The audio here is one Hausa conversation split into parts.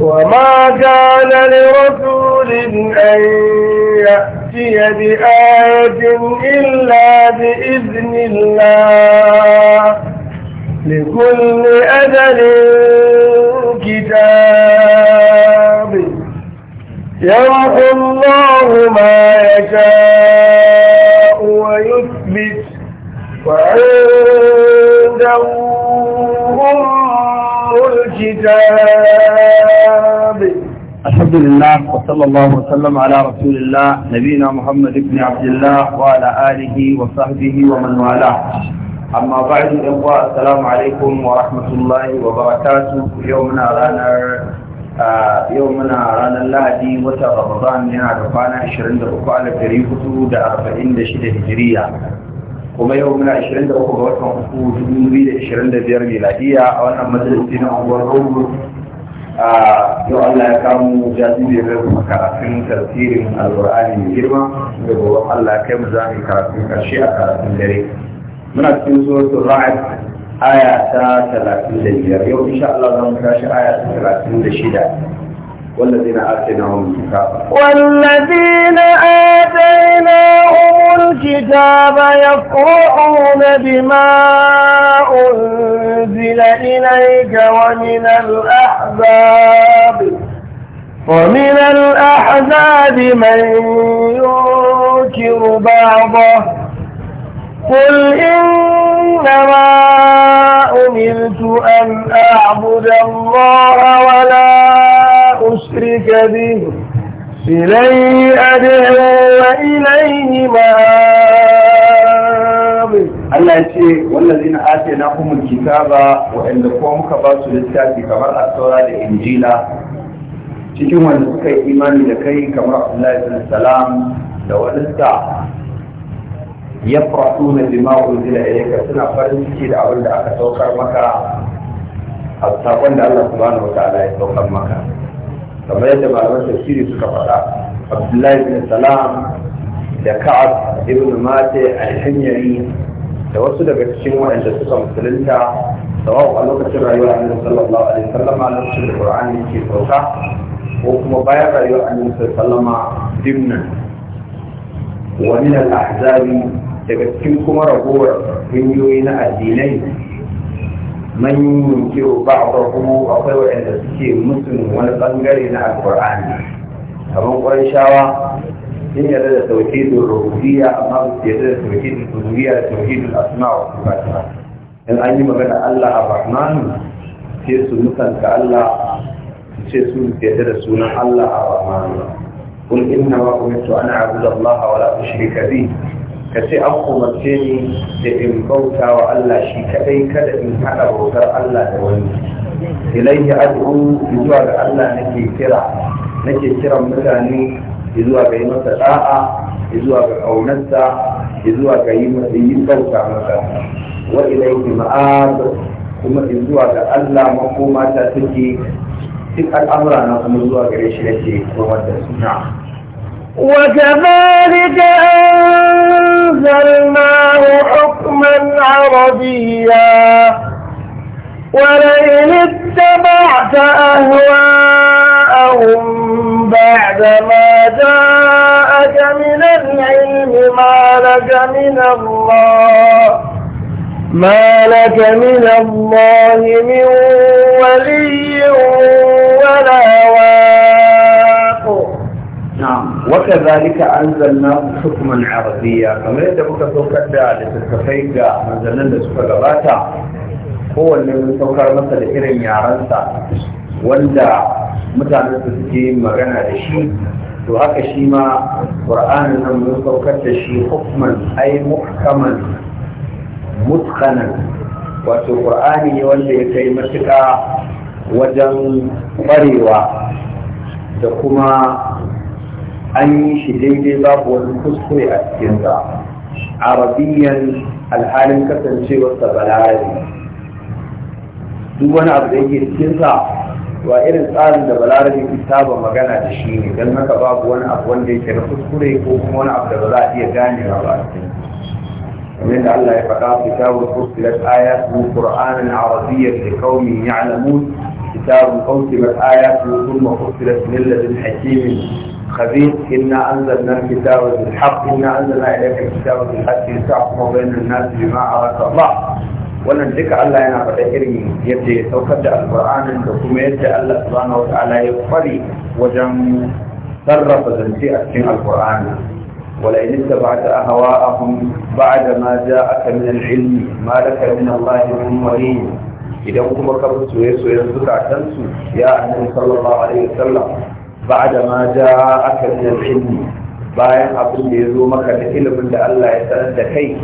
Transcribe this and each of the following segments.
وما كان لرسول أن يأتي بآية إلا بإذن الله لكل أجل كتاب يمحو الله ما يشاء ويثبت وعنده الكتاب الحمد لله وصلى الله وسلم على رسول الله نبينا محمد بن عبد الله وعلى آله وصحبه ومن والاه أما بعد إخوة السلام عليكم ورحمة الله وبركاته يومنا رانا yau muna ranar lahadi wata ramadan yana da kwana 23 da 446 hijiriya kuma yau muna 23 ga watan uku 2025 miladiya a wannan majalisi na unguwar rogo a yau Allah ya kamu jasibi da kuma karatun tasirin alƙur'ani mai girma da gobe Allah kai mu za mu karatun karshe a karatun dare muna cikin suratul ra'd aya ta 35 yau insha Allah za mu tashi aya ta 36 والذين آتيناهم الكتاب والذين آتيناهم الكتاب يفرحون بما أنزل إليك ومن الأحزاب ومن الأحزاب من ينكر بعضه قل إنما أمرت أن أعبد الله ولا أشرك به إليه أدعو وإليه مآب Allah ya ce wallazi na ake na humul kitaba wa'anda kuma muka ba su littafi kamar asaura da injila cikin wanda suka yi imani da kai kamar Abdullahi bin Salam da wadansa ya fasu na bima unzila ilayka suna farin ciki da abin da aka saukar maka a sakon da Allah subhanahu wa ta'ala ya saukar maka kamar yadda malaman tafsiri suka faɗa abdullahi bin salam da ka'ab ibn mate alhanyari da wasu daga cikin waɗanda suka musulunta sawa'u a lokacin rayuwar annabi sallallahu alaihi wasallam a lokacin da qur'ani ke sauka ko kuma bayan rayuwar annabi sallallahu alaihi dimnan wa min al-ahzabi daga cikin kuma ragowar hanyoyi na addinai من ينكر بعضه أقوى أن تسكير مسلم ونقنقري مع القرآن فمن قريشاوة إن يدد توحيد الربوبية أما يدد توحيد الألوهية توحيد الأسماء والصفات إن أي مبنى الله الرحمن سيسو مثلا كالله سيسو يدد سونا الله الرحمن قل إنما أمرت أن أعبد الله ولا أشرك به ka ce an umarce ni da in bauta wa Allah shi kadai kada in haɗa bautar Allah da wani ilaihi ad'u zuwa ga Allah nake kira nake kiran mutane zuwa ga yi masa da'a zuwa ga kaunarsa zuwa ga yi masa yi bauta masa wa ilaihi ma'ad kuma zuwa ga Allah makoma ta take duk al'amura na kuma zuwa gare shi nake kuma da suna وكذلك أن أنزلناه حكما عربيا ولئن اتبعت أهواءهم بعد ما جاءك من العلم ما لك من الله ما لك من الله من ولي ولا واق نعم وكذلك انزلنا حكما عربيا كما يدبك سوف تعالي تتفيق أنزلنا لسوف غباتا هو اللي سوف نصر لإرم يا رنسا وانزع متعنس الدين مغنى لشي وهك شي ما قرآن نمو سوف تشي حكما أي محكما متقنا وفي القرآن يولي كلمتك وجن قريوا تقوما an yi shi daidai babu wani kuskure a cikinsa arabiyan alhalin kasancewarsa balarabi duk wani abu da yake cikinsa wa irin tsarin da balarabi ke saba magana da shi ne don haka babu wani abu wanda yake na kuskure ko kuma wani abu da ba za a iya ganewa ba a cikin kamar yadda Allah ya faɗa kitabul fusilat ayatu qur'anan arabiyyan liqaumin ya'lamun kitabun fusilat ayatu thumma fusilat lil ladin hakimin خبيث إنا أنزلنا الكتاب بالحق إنا أنزلنا إليك الكتاب بالحق يتعقم بين الناس بما أردت الله ولن ذكر الله أنا بحيري يبدي على القرآن أن تكون يبدي الله سبحانه وتعالى يغفري وجم صرف ذنتي أكين القرآن ولئن اتبعت أهواءهم بعد ما جاءك من العلم ما لك من الله من ولي إذا كنت مكبت ويسو ينزل يا أنبي صلى الله عليه وسلم Ba بعد da جاءك من العلم bayan abin da ya zo maka da ilimin da Allah ya sanar da kai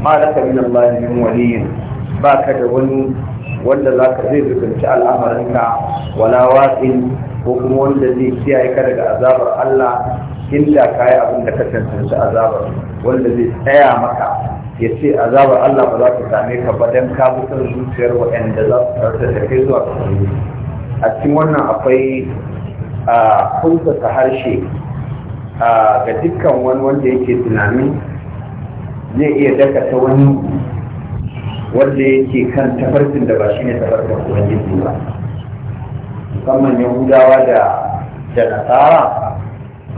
ma laka min Allah min waliyin baka da wani wanda zaka zai zubanci al'amarinka wala waqin ko kuma wanda zai kiyaye ka daga azabar Allah inda kai abin da ka tantance azabar wanda zai tsaya maka ya ce azabar Allah ba za ta same ka ba dan ka mutar zuciyar waɗanda za su tarta da kai zuwa a cikin wannan akwai a kuntata harshe ga dukkan wani wanda yake tunanin zai iya dakata wani wanda yake kan tafarkin da ba shi ne tafarkin ubangiji ba musamman yahudawa da da nasara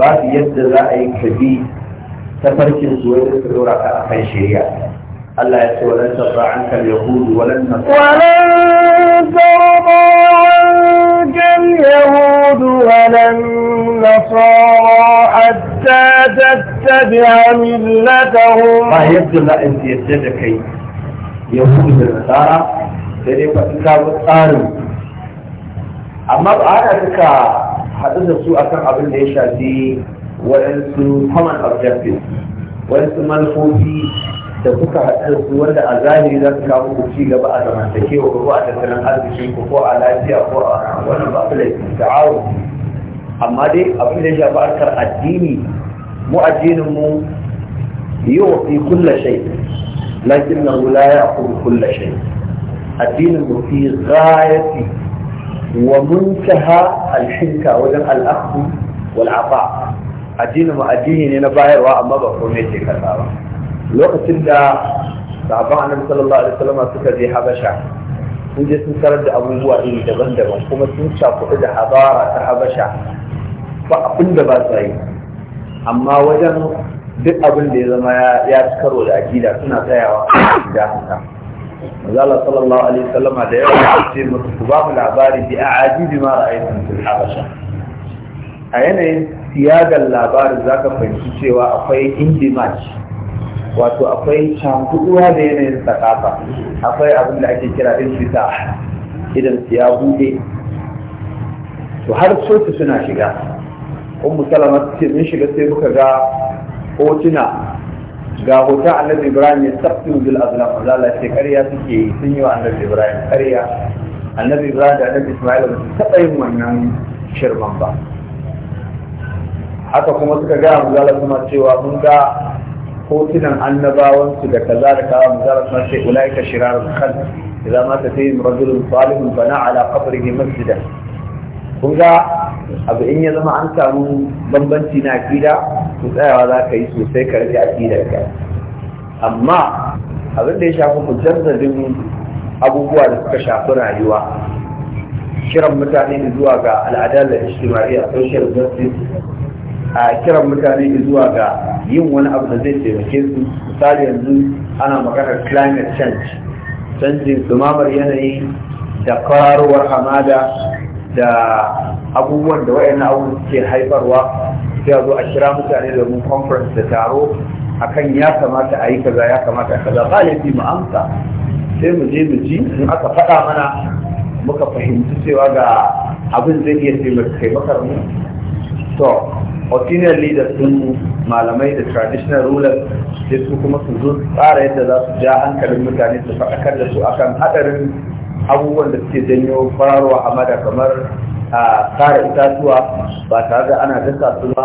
ba su yadda za a yi kabi tafarkin su wanda su dora ka akan shari'a Allah ya ce walan ba an kal yahudu walan ba. اليهود ولا النصارى حتى تتبع ملتهم ما يبدو لا أنت يسجدك يهود النصارى sai fa in ka tsarin amma ba ana suka haɗu da su akan abin da ya shafi waɗansu common objectives waɗansu manufofi da kuka haɗu su wanda a zahiri za su kawo ku ci gaba a zamantakewa ko a tattalin arzikin ku ko a lafiya ko a wannan ba su laifin ta'awu amma dai abin da shafi addini mu addinin mu yi wa fi kulla shai lakin na wula ya kuma kulla shai addinin mu fi gayati wa muntaha alhinka wajen al'akku wal afa addinin mu addini ne na bayarwa amma ba komai ce kasa ba lokacin da sahabban annabi sallallahu alaihi wasallam suka je habasha sun je sun karar da abubuwa iri daban-daban kuma sun shafuɗu da habara ta habasha ba abin da ba sa yi amma wajen duk abin da ya zama ya karo da akida suna tsayawa da haka Mazala sallallahu alaihi wasallama da yawa ya ce musu ku ba mu labari bi a ajibi ma ra'aytum fil habasha a yanayin siyagar labarin zaka fahimci cewa akwai indimaci wato akwai cakuduwa da yanayin tsakafa akwai abin da ake kira din fita idan su ya bude to har sosu suna shiga ummu salama ce mun shiga sai muka ga hotuna ga hoton annabi ibrahim ya sabtu bil azlam Allah ce karya suke yi sun yi wa annabi ibrahim karya. annabi ibrahim da annabi isma'il ba su taɓa yin wannan shirman ba haka kuma suka ga mu zala kuma cewa mun ga hotunan annabawansu da kaza da kaza mu zara sun ulaika shirarul khalq idan ma ta sayi rajulun salihun bana ala qabrihi masjidan kun ga abu in ya zama an samu bambanci na akida ku tsayawa za ka yi sosai ka rage akidar ka amma abin da ya shafi mujarradin abubuwa da suka shafi rayuwa kiran mutane zuwa ga al'adar da ishtimariya social justice a kiran mutane zuwa ga yin wani abu da zai taimake su misali yanzu ana maganar climate change canjin zumamar yanayi da kwararowar hamada da abubuwan da wayannan abu ke haifarwa sai a zo a kira mutane da mun conference da taro akan ya kamata a yi kaza ya kamata kaza ba laifi mu amsa sai mu je mu ji in aka faɗa mana muka fahimci cewa ga abin zai iya taimakar mu to opinion leaders sun malamai da traditional rulers sai su kuma su zo tsara yadda za su ja hankalin mutane su faɗakar da su akan haɗarin abubuwan da suke janyo fararwa hamada kamar a tsara itatuwa ba tare da ana dasa su ba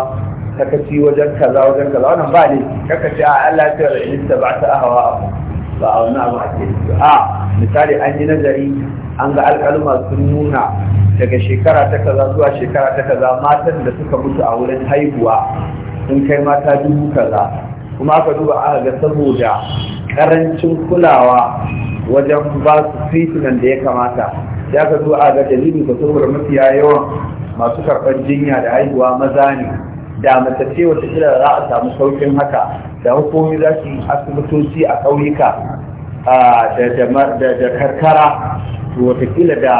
kakaci wajen kaza wajen kaza wannan ba ne kakaci a Allah ya tsara ba ta ahawa ba a wani abu a ake a misali an yi nazari an ga alƙaluma sun nuna daga shekara ta kaza zuwa shekara ta kaza matan da suka mutu a wurin haihuwa sun kai mata dubu kaza kuma aka duba aka ga saboda karancin kulawa wajen ba su treatment da ya kamata ya aka zuwa a ga dalilin da saboda mafiya yawan masu karɓar jinya da haihuwa maza ne da mace ce wata za a samu saukin haka da hukumi za su yi asibitoci a ƙauyuka da karkara to watakila da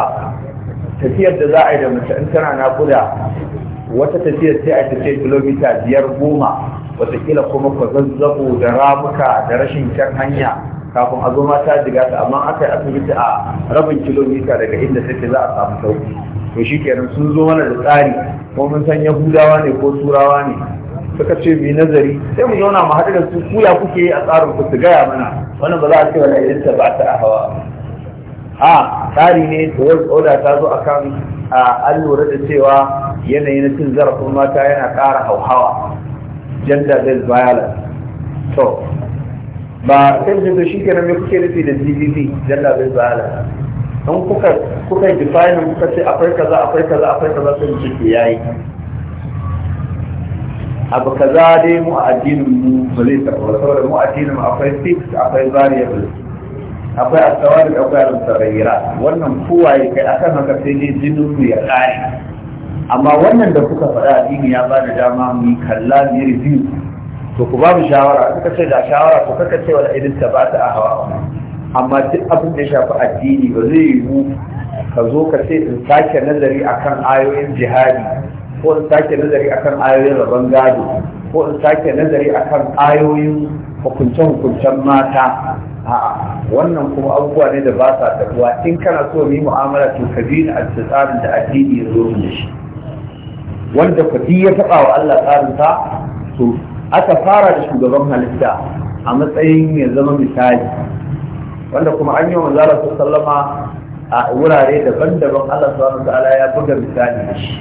tafiyar da za a yi da mace in tana nakuda wata tafiyar sai a tafiye kilomita biyar goma watakila kuma ku zazzabo da ramuka da rashin kyan hanya kafin a zo mata diga ta amma aka yi asibiti a rabin kilomita daga inda take za a samu sauki to shi kenan sun zo mana da tsari ko mun san yahudawa ne ko turawa ne suka ce mai nazari sai mu zauna mu haɗu da su kuya kuke yi a tsarin ku su gaya mana wannan ba za a ce wani idan ta ba ta hawa a tsari ne da oda ta zo akan an lura da cewa yanayi na cin zarafin mata yana ƙara hauhawa gender based violence to ba sai da shi nan me kuke nufi da GDP gender based violence don kuka kuka define kuka ce akwai kaza akwai kaza akwai kaza sai mu ce yayi abu kaza dai mu a addinin mu ba zai taɓa saboda mu addinin mu akwai fix akwai variables akwai asawari akwai al-sarayira wannan ya kai akan haka sai dai jinin ku ya kare amma wannan da kuka faɗa addini ya ba da dama mu kalla mu review to ku ba mu shawara kuka ce da shawara to kaka ce wala ta ba ta a hawa amma duk abin da ya shafi addini ba zai yiwu ka zo ka ce in sake nazari akan ayoyin jihadi ko in sake nazari akan ayoyin rabon gado ko in sake nazari akan ayoyin hukunce-hukuncen mata a'a wannan kuma abubuwa ne da ba sa tafiya in kana so mu mu'amala to ka bi da tsarin da addini ya zo da shi wanda kwati ya taɓa wa Allah tsarin sa, to aka fara da shugaban halitta a matsayin ya zama misali wanda kuma an yi wa manzara sallama a wurare daban-daban Allah subhanahu wa ta'ala ya buga misali da shi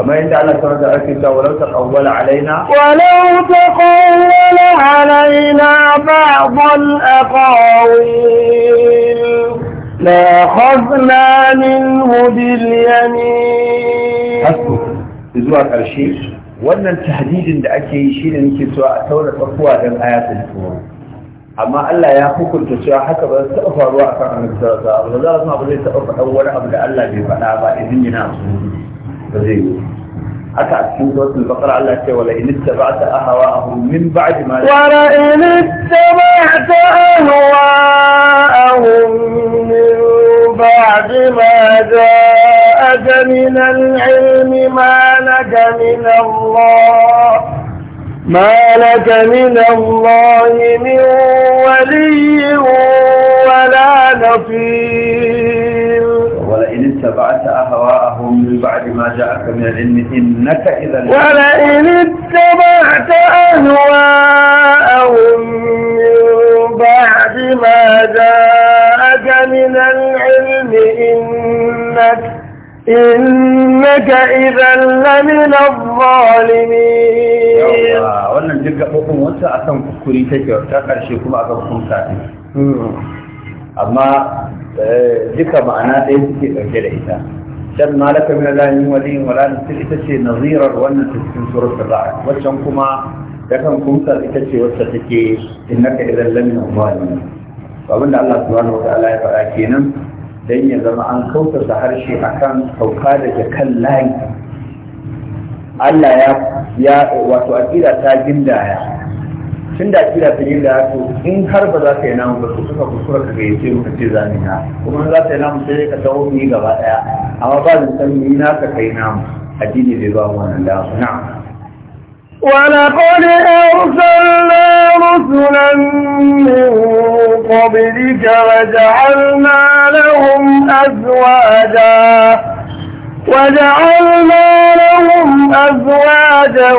كما يدعنا سرد أكيد ولو تقول علينا ولو تقول علينا بعض الأقاويل لأخذنا منه باليمين أسكت إذوات على شيء وأن التهديد عند أكي شيء لأنك سواء تولى تقوى من آيات الكون أما ألا يأخذكم تسواء حتى بل سأفر وعفر عن الزرزاء ولذلك ما بل سأفر أول أبدا ألا بفعل أبا إذن ناس فزيد أتى في سورة البقرة على كي ولئن اتبعت أهواءهم من بعد ما ولئن اتبعت أهواءهم من بعد ما جاءك من العلم ما لك من الله ما لك من الله من ولي ولا نصير اتبعت أهواءهم من بعد ما جاءك من العلم إنك إذا ولئن اتبعت أهواءهم من بعد ما جاءك من العلم إنك إنك إذا لمن الظالمين ولن تلقى gaɓoɓin wasu a kan kuskuri take ta ƙarshe kuma a gaɓoɓin sa'in أما hmm. Eh, duka ma'ana ɗaya suke ɗauke da ita shan malaka min Allah min wali wala nasir ita ce nazirar wannan ta cikin suratul ra'd waccan kuma da kan kumsar ita ce wacce take innaka idan lam yu'minu abinda Allah subhanahu wa ta'ala ya faɗa kenan dan ya zama an kautata harshe akan sauka daga kan layi Allah ya wato aqida ta gindaya tun da akida ta yi da to in har ba za ka yi namu ba su suka kusura ka ga yace muka ce za mu na kuma za ka yi namu sai ka dawo mu yi gaba daya amma ba zan san ni na ka kai namu addini bai ba mu wannan da na'am ولقد أرسلنا رسلا من قبلك وجعلنا لهم أزواجا وجعلنا لهم أزواجا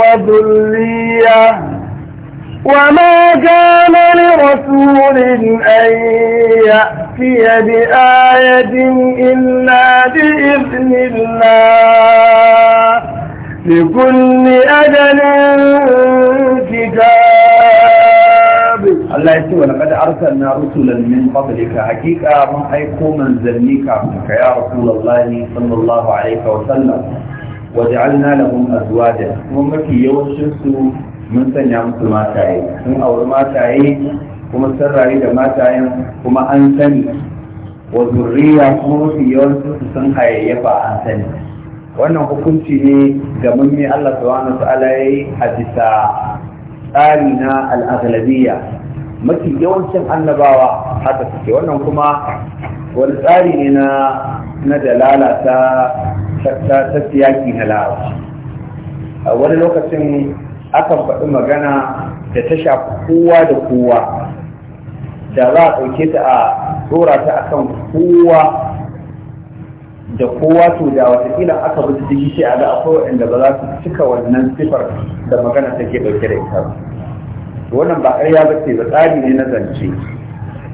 وذرية وما كان لرسول أن يأتي بآية إلا بإذن الله لكل أجل كتاب الله يسوى ولقد أرسلنا رسلا من قبلك حقيقة من أيقو من ذنيك يا رسول الله صلى الله عليه وسلم وجعلنا لهم أزواجا ومكي يوشسوا mun sanya musu mataye sun auri mataye kuma sun rayu da matayen kuma an sani wa zurriya kuma mafi yawansu su sun hayayyafa an sani wannan hukunci ne ga mummi Allah subhanahu wa ta'ala yayi a bisa tsari na al'aghlabiyya mafi yawancin annabawa haka suke wannan kuma wani tsari ne na na dalala ta ta siyaki na a wani lokacin akan faɗi magana da ta shafi kowa da kowa da za a ɗauke ta a tsora ta akan kowa da kowa to da watakila aka bi ta jiki sai a ga akwai waɗanda ba za su cika wannan sifar da magana ta ke ɗauke da ita wannan ba ƙarya ba ce ba tsari ne na zance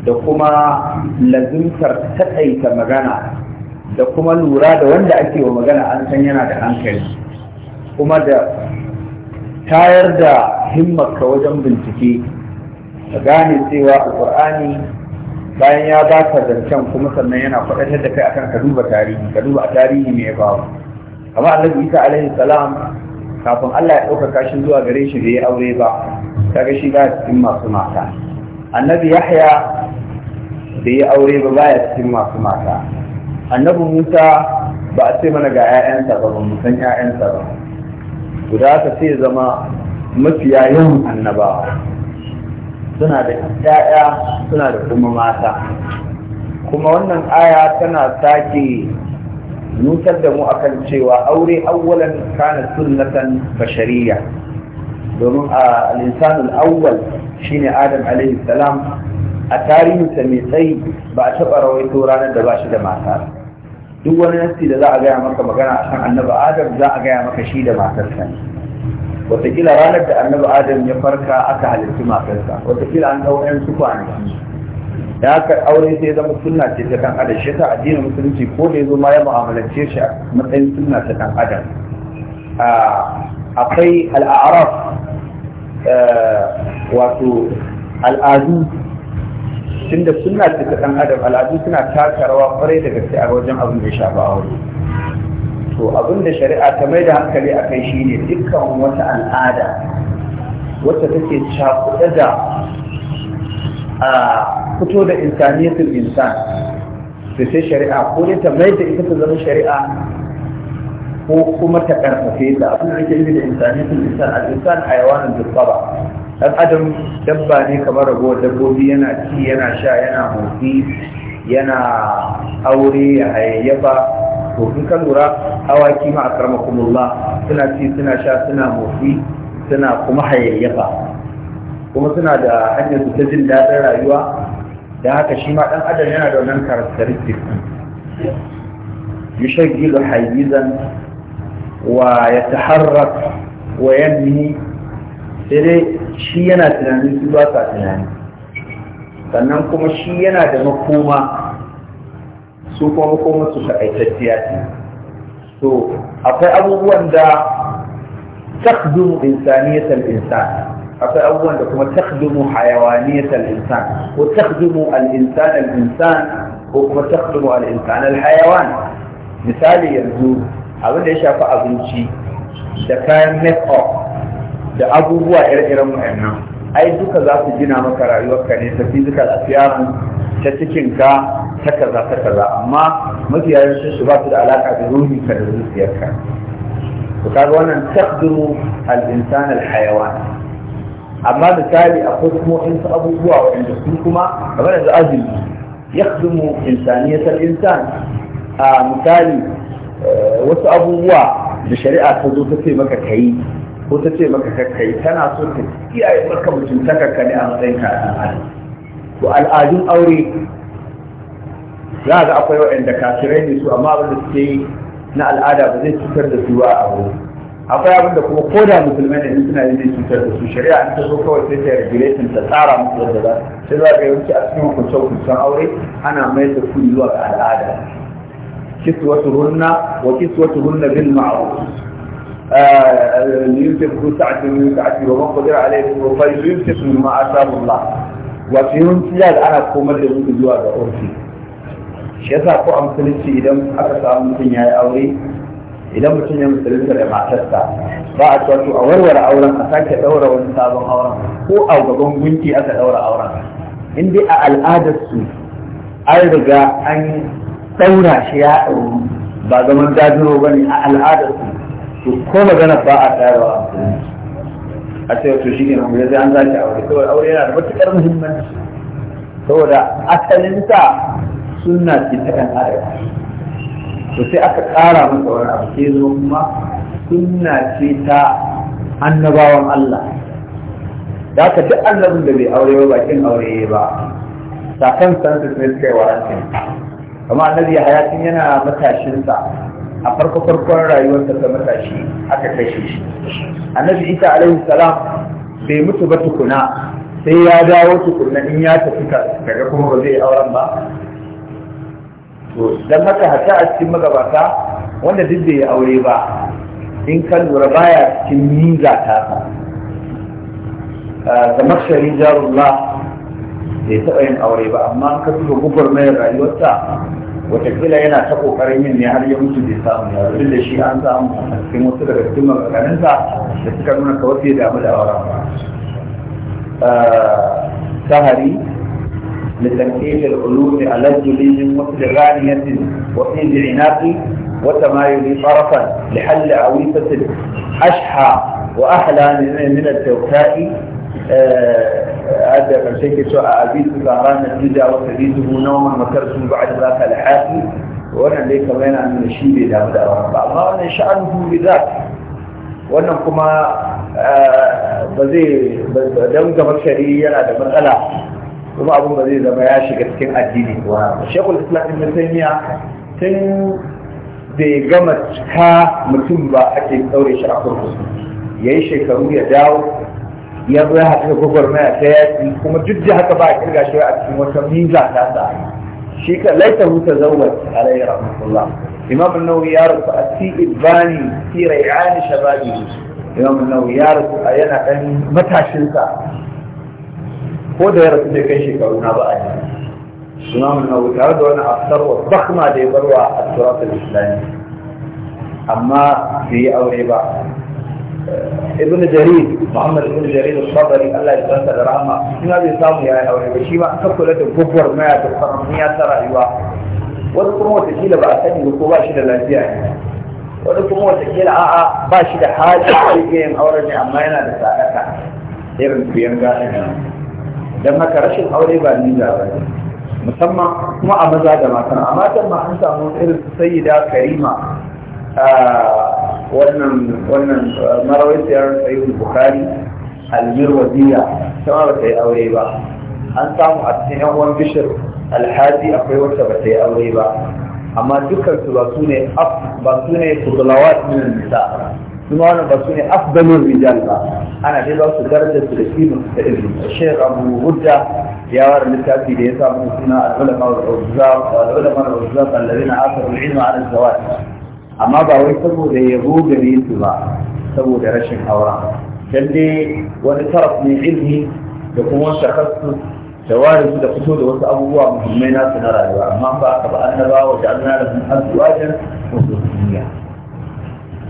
da kuma lazimtar taƙaita magana da kuma lura da wanda ake wa magana an san yana da hankali kuma da tayar da himmarka wajen bincike ka gane cewa alƙur'ani bayan ya ba ka zancen kuma sannan yana faɗaɗar da kai akan ka duba tarihi ka duba a tarihi mai ba. amma annabi isa alaihi salam kafin Allah ya ɗaukaka shi zuwa gare shi bai aure ba Ta shi ba cikin masu mata annabi yahya bai yi aure ba ba ya cikin masu mata annabi musa ba a ce mana ga 'ya'yansa ba ba mu san 'ya'yansa ba guda ka sai zama mafiya yawan annabawa suna da ‘ya'ya suna da kuma mata kuma wannan aya tana sake nutar da mu akan cewa aure awwalan kana sunnatan bashariya domin a al'insanul awwal shine adam alaihi salam a tarihinsa mai tsayi ba a taɓa rawaito ranar da ba shi da mata duk wani nasi da za a gaya maka magana a kan annabi adam za a gaya maka shi da matarsa ne wataƙila ranar da annabi adam ya farka aka halittu matarsa wataƙila an ɗau ɗan su kwanaki da aka aure sai zama sunna ce ta kan adam shi ta addinin musulunci ko da ya ma ya mu'amalance shi matsayin sunna ta kan adam akwai al'araf eh, wato al'adu Tunda da suna cika ta ɗan adam al'adu suna taka rawa kwarai da gaske a wajen abin da ya shafi aure to abin da shari'a ta mai da hankali a kai shine dukkan wata al'ada wacce take cakuɗa da a fito da insaniyatul insan da sai shari'a ko ne ta mai da ita ta zama shari'a ko kuma ta ƙarfafe ta abin da ake yi da insaniyatul insan a a hayawanin dubbaba Ɗan adam dabba ne kamar ragowar dabbobi yana ci yana sha yana motsi yana aure ya hayayyafa to in ka lura awaki ma akramakumullah suna ci suna sha suna motsi suna kuma hayayyafa kuma suna da hanyar su ta jin daɗin rayuwa da haka shi ma ɗan adam yana da wannan characteristic ɗin yushaggilu hayyizan wa yataharrak wa yanmi sai dai shi yana tunani su ba sa tunani sannan kuma shi yana da makoma su kuma makoma su taƙaitacciya ce to akwai abubuwan da takdumu insaniyatar insan akwai abubuwan da kuma takdumu hayawaniyatal insan ko takdumu al-insan ko kuma takdumu al-insan misali yanzu abin da ya shafi abinci da kayan make up da abubuwa ire-iren wa'annan ai duka za su gina maka rayuwarka ne ta physical appearance ta cikinka ta kaza ta kaza amma mafi yawancin su ba su da alaka da ruhinka da zuciyarka to kaga wannan taqdiru al-insan al-hayawan amma misali akwai kuma wasu abubuwa wanda su kuma kamar da azumi yakhdumu insaniyatal insan a misali eh, wasu abubuwa da shari'a ta zo ta ce maka kai ko ta ce maka kakkai tana so ta kiyaye maka mutuntakarka ne a matsayin ka to al'adun aure za ga akwai waɗanda kafirai ne su amma abin da suke yi na al'ada ba zai cutar da su ba a aure akwai abin da kuma koda musulmai ne in suna yin zai cutar da su shari'a in ta zo kawai sai ta regulation ta tsara musu yadda za sai za ka yawanci a cikin hukunce-hukuncen aure ana mai da su zuwa ga al'ada kiswatu runna wa kiswatu runna bil ma'ruf ليمسك ذو سعة من ومن قدر عليه فليمسك مما آتاه الله wato yawanci da ana komar da mutu zuwa ga orfi shi yasa ko a musulunci idan aka samu mutum ya yi aure idan mutum ya musulunta da matarsa ba a cewa a warware auren a sake ɗaura wani sabon auren ko a gaban gunki aka ɗaura auren in dai a al'adarsu su an an daura shi ya ba ne a al'adarsu. to ko magana ba a tsayarwa a musulunci a ce to shi ne mu sai an zaki aure saboda aure yana da matukar muhimmanci saboda asalin sa sunna ce ta kan adam to sai aka ƙara masa wani abu sai zo kuma sunna ce ta annabawan Allah da aka duk annabin da bai aure ba bakin aure ba sakan san su ne suka yi wa kamar annabi hayatin yana matashinsa a farko farkon rayuwarsa ta matashi aka kashe shi annabi isa alaihi salam bai mutu ba tukuna sai ya dawo tukuna in ya tafi daga kuma ba zai auren ba to dan haka hatta a cikin magabata wanda duk bai aure ba in ka lura baya cikin niza ta A ah, kamar shari jarullah bai taɓa yin aure ba amma ka tuba mai rayuwarsa watakila yana ta kokarin yin ne har ya mutu bai samu ya duk da shi an samu a cikin wasu daga cikin maganganunsa da suka nuna kawai bai damu da auren ba sahari لتنكيل العلوم على الجليل وفي وفي العناق وتمايل طرفا لحل عويفة أشحى وأحلى من الدوكاء hadda karshe ke so a abisu zahra na jiza wa sabisu mu wannan dai kamar yana nuna shi bai da mu da ba amma wannan sha'an hu bi zat wannan kuma eh, ba zai dan gaba shari yana da matsala kuma abin ba zai zama ya shiga cikin addini wa shekul islam ibn taymiya tun da gama cika mutum ba ake tsaure shi a kurkusu yayi shekaru ya dawo ya zo ya haɗu da gwagwarmaya ta yaƙi kuma duk da haka ba a kirga shi a cikin wata miza ta sa shi ka laita huta zawar alayhi rahmatullah imam an-nawawi ya rufu a fi ibani fi ray'an shababi imam an-nawawi ya rufu a yana ɗan matashinsa ko da ya rasu bai kai shekaru na ba a yi imam an-nawawi tare da wani afsar wa bakhma da ya barwa a turat al-islami amma bai yi aure ba ibn jarir muhammad ibn jarir al-sabari Allah ya tsanta da rahama ina bai samu ya aure ba shi ma an kula da gubbar maya da farmiya ta rayuwa wani kuma watakila ba a sani ko ba shi da lafiya ne wani kuma kila, a'a ba shi da hali a iya auren ne amma yana da sadaka irin biyan gane don haka rashin aure ba ni da ba musamman kuma a maza da mata a matan ma an samu irin sayyida karima ah, wannan wannan marawai sayar sayyid bukhari al-mirwaziya sama ba ta yi aure ba an samu a cikin yan uwan bishir alhaji akwai wacce ba ta yi aure ba amma dukkan su ba su ne ba su ne fudulawat min nisa kuma wannan ba su ne afdalul rijal ba ana dai ba su darajar su da kimin da ilimi shekh abu hudda يا ورد التأتي ليسا من سنة العلماء والعزاب والعلماء والعزاب الذين آثروا العلم على الزواج amma ba wai saboda yabo gare su ba saboda rashin aura dan dai wani taraf ne ilmi da kuma shakassu da warisu da fito da wasu abubuwa muhimmai nasu na rayuwa amma ba aka ba annabawa da annabawa da azwajan musulmiya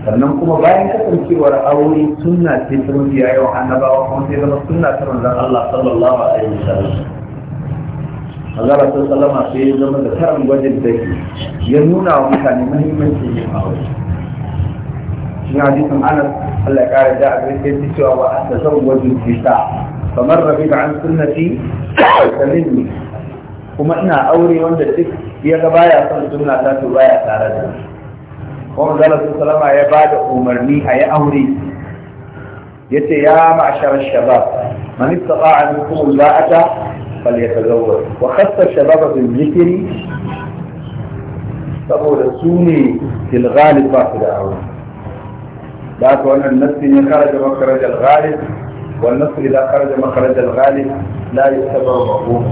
sannan kuma bayan kasancewar aure sunna ce ta mafiya yawan annabawa kuma sai zama sunna ta manzon Allah sallallahu alaihi wasallam azara ta salama sai ya zama da tarin gwajin da ya nuna wa mutane muhimmancin yin aure shi hadisin anas Allah ya kare da a gaske cewa wa an tasawwa gwajin fita kamar rabi da an sunnati kalin kuma ina aure wanda duk ya ga baya son sunna ta to baya tare da ni kuma salama ya ba da umarni a yi aure yace ya ma'ashar shabab man istata'a minkum ba'ata فليتزوج وخص الشباب بالذكر طب رسولي في الغالب فاقد أعوان بعد أن النسل إذا خرج مخرج الغالب والنسل إذا خرج مخرج الغالب لا يعتبر مقبول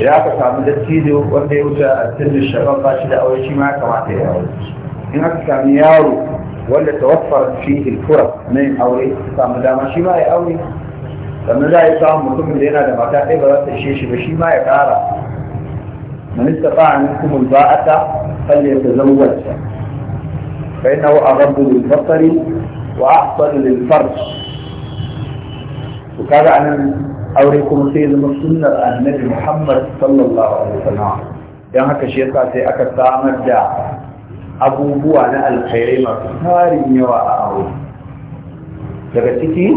إذا كنت عمد السيد وفي أوجه السن الشباب فاشد أو يشي معك معك يا أولي هناك كان يارو ولا توفرت فيه الفرق من أولي فعمد ما شي معي sannan za a yi samun mutumin da yana da mata ɗaya ba za ta ishe shi ba shi ma ya ƙara man istata'a minkum alba'ata falyatazawwaj fa innahu rabu da basari wa a ahsanu lil-farj to kaga nan aure kuma sai zama sunnar annabi Muhammad sallallahu alaihi wasallam don haka shi yasa sai aka samar da abubuwa na alkhairai masu tarin yawa a aure daga ciki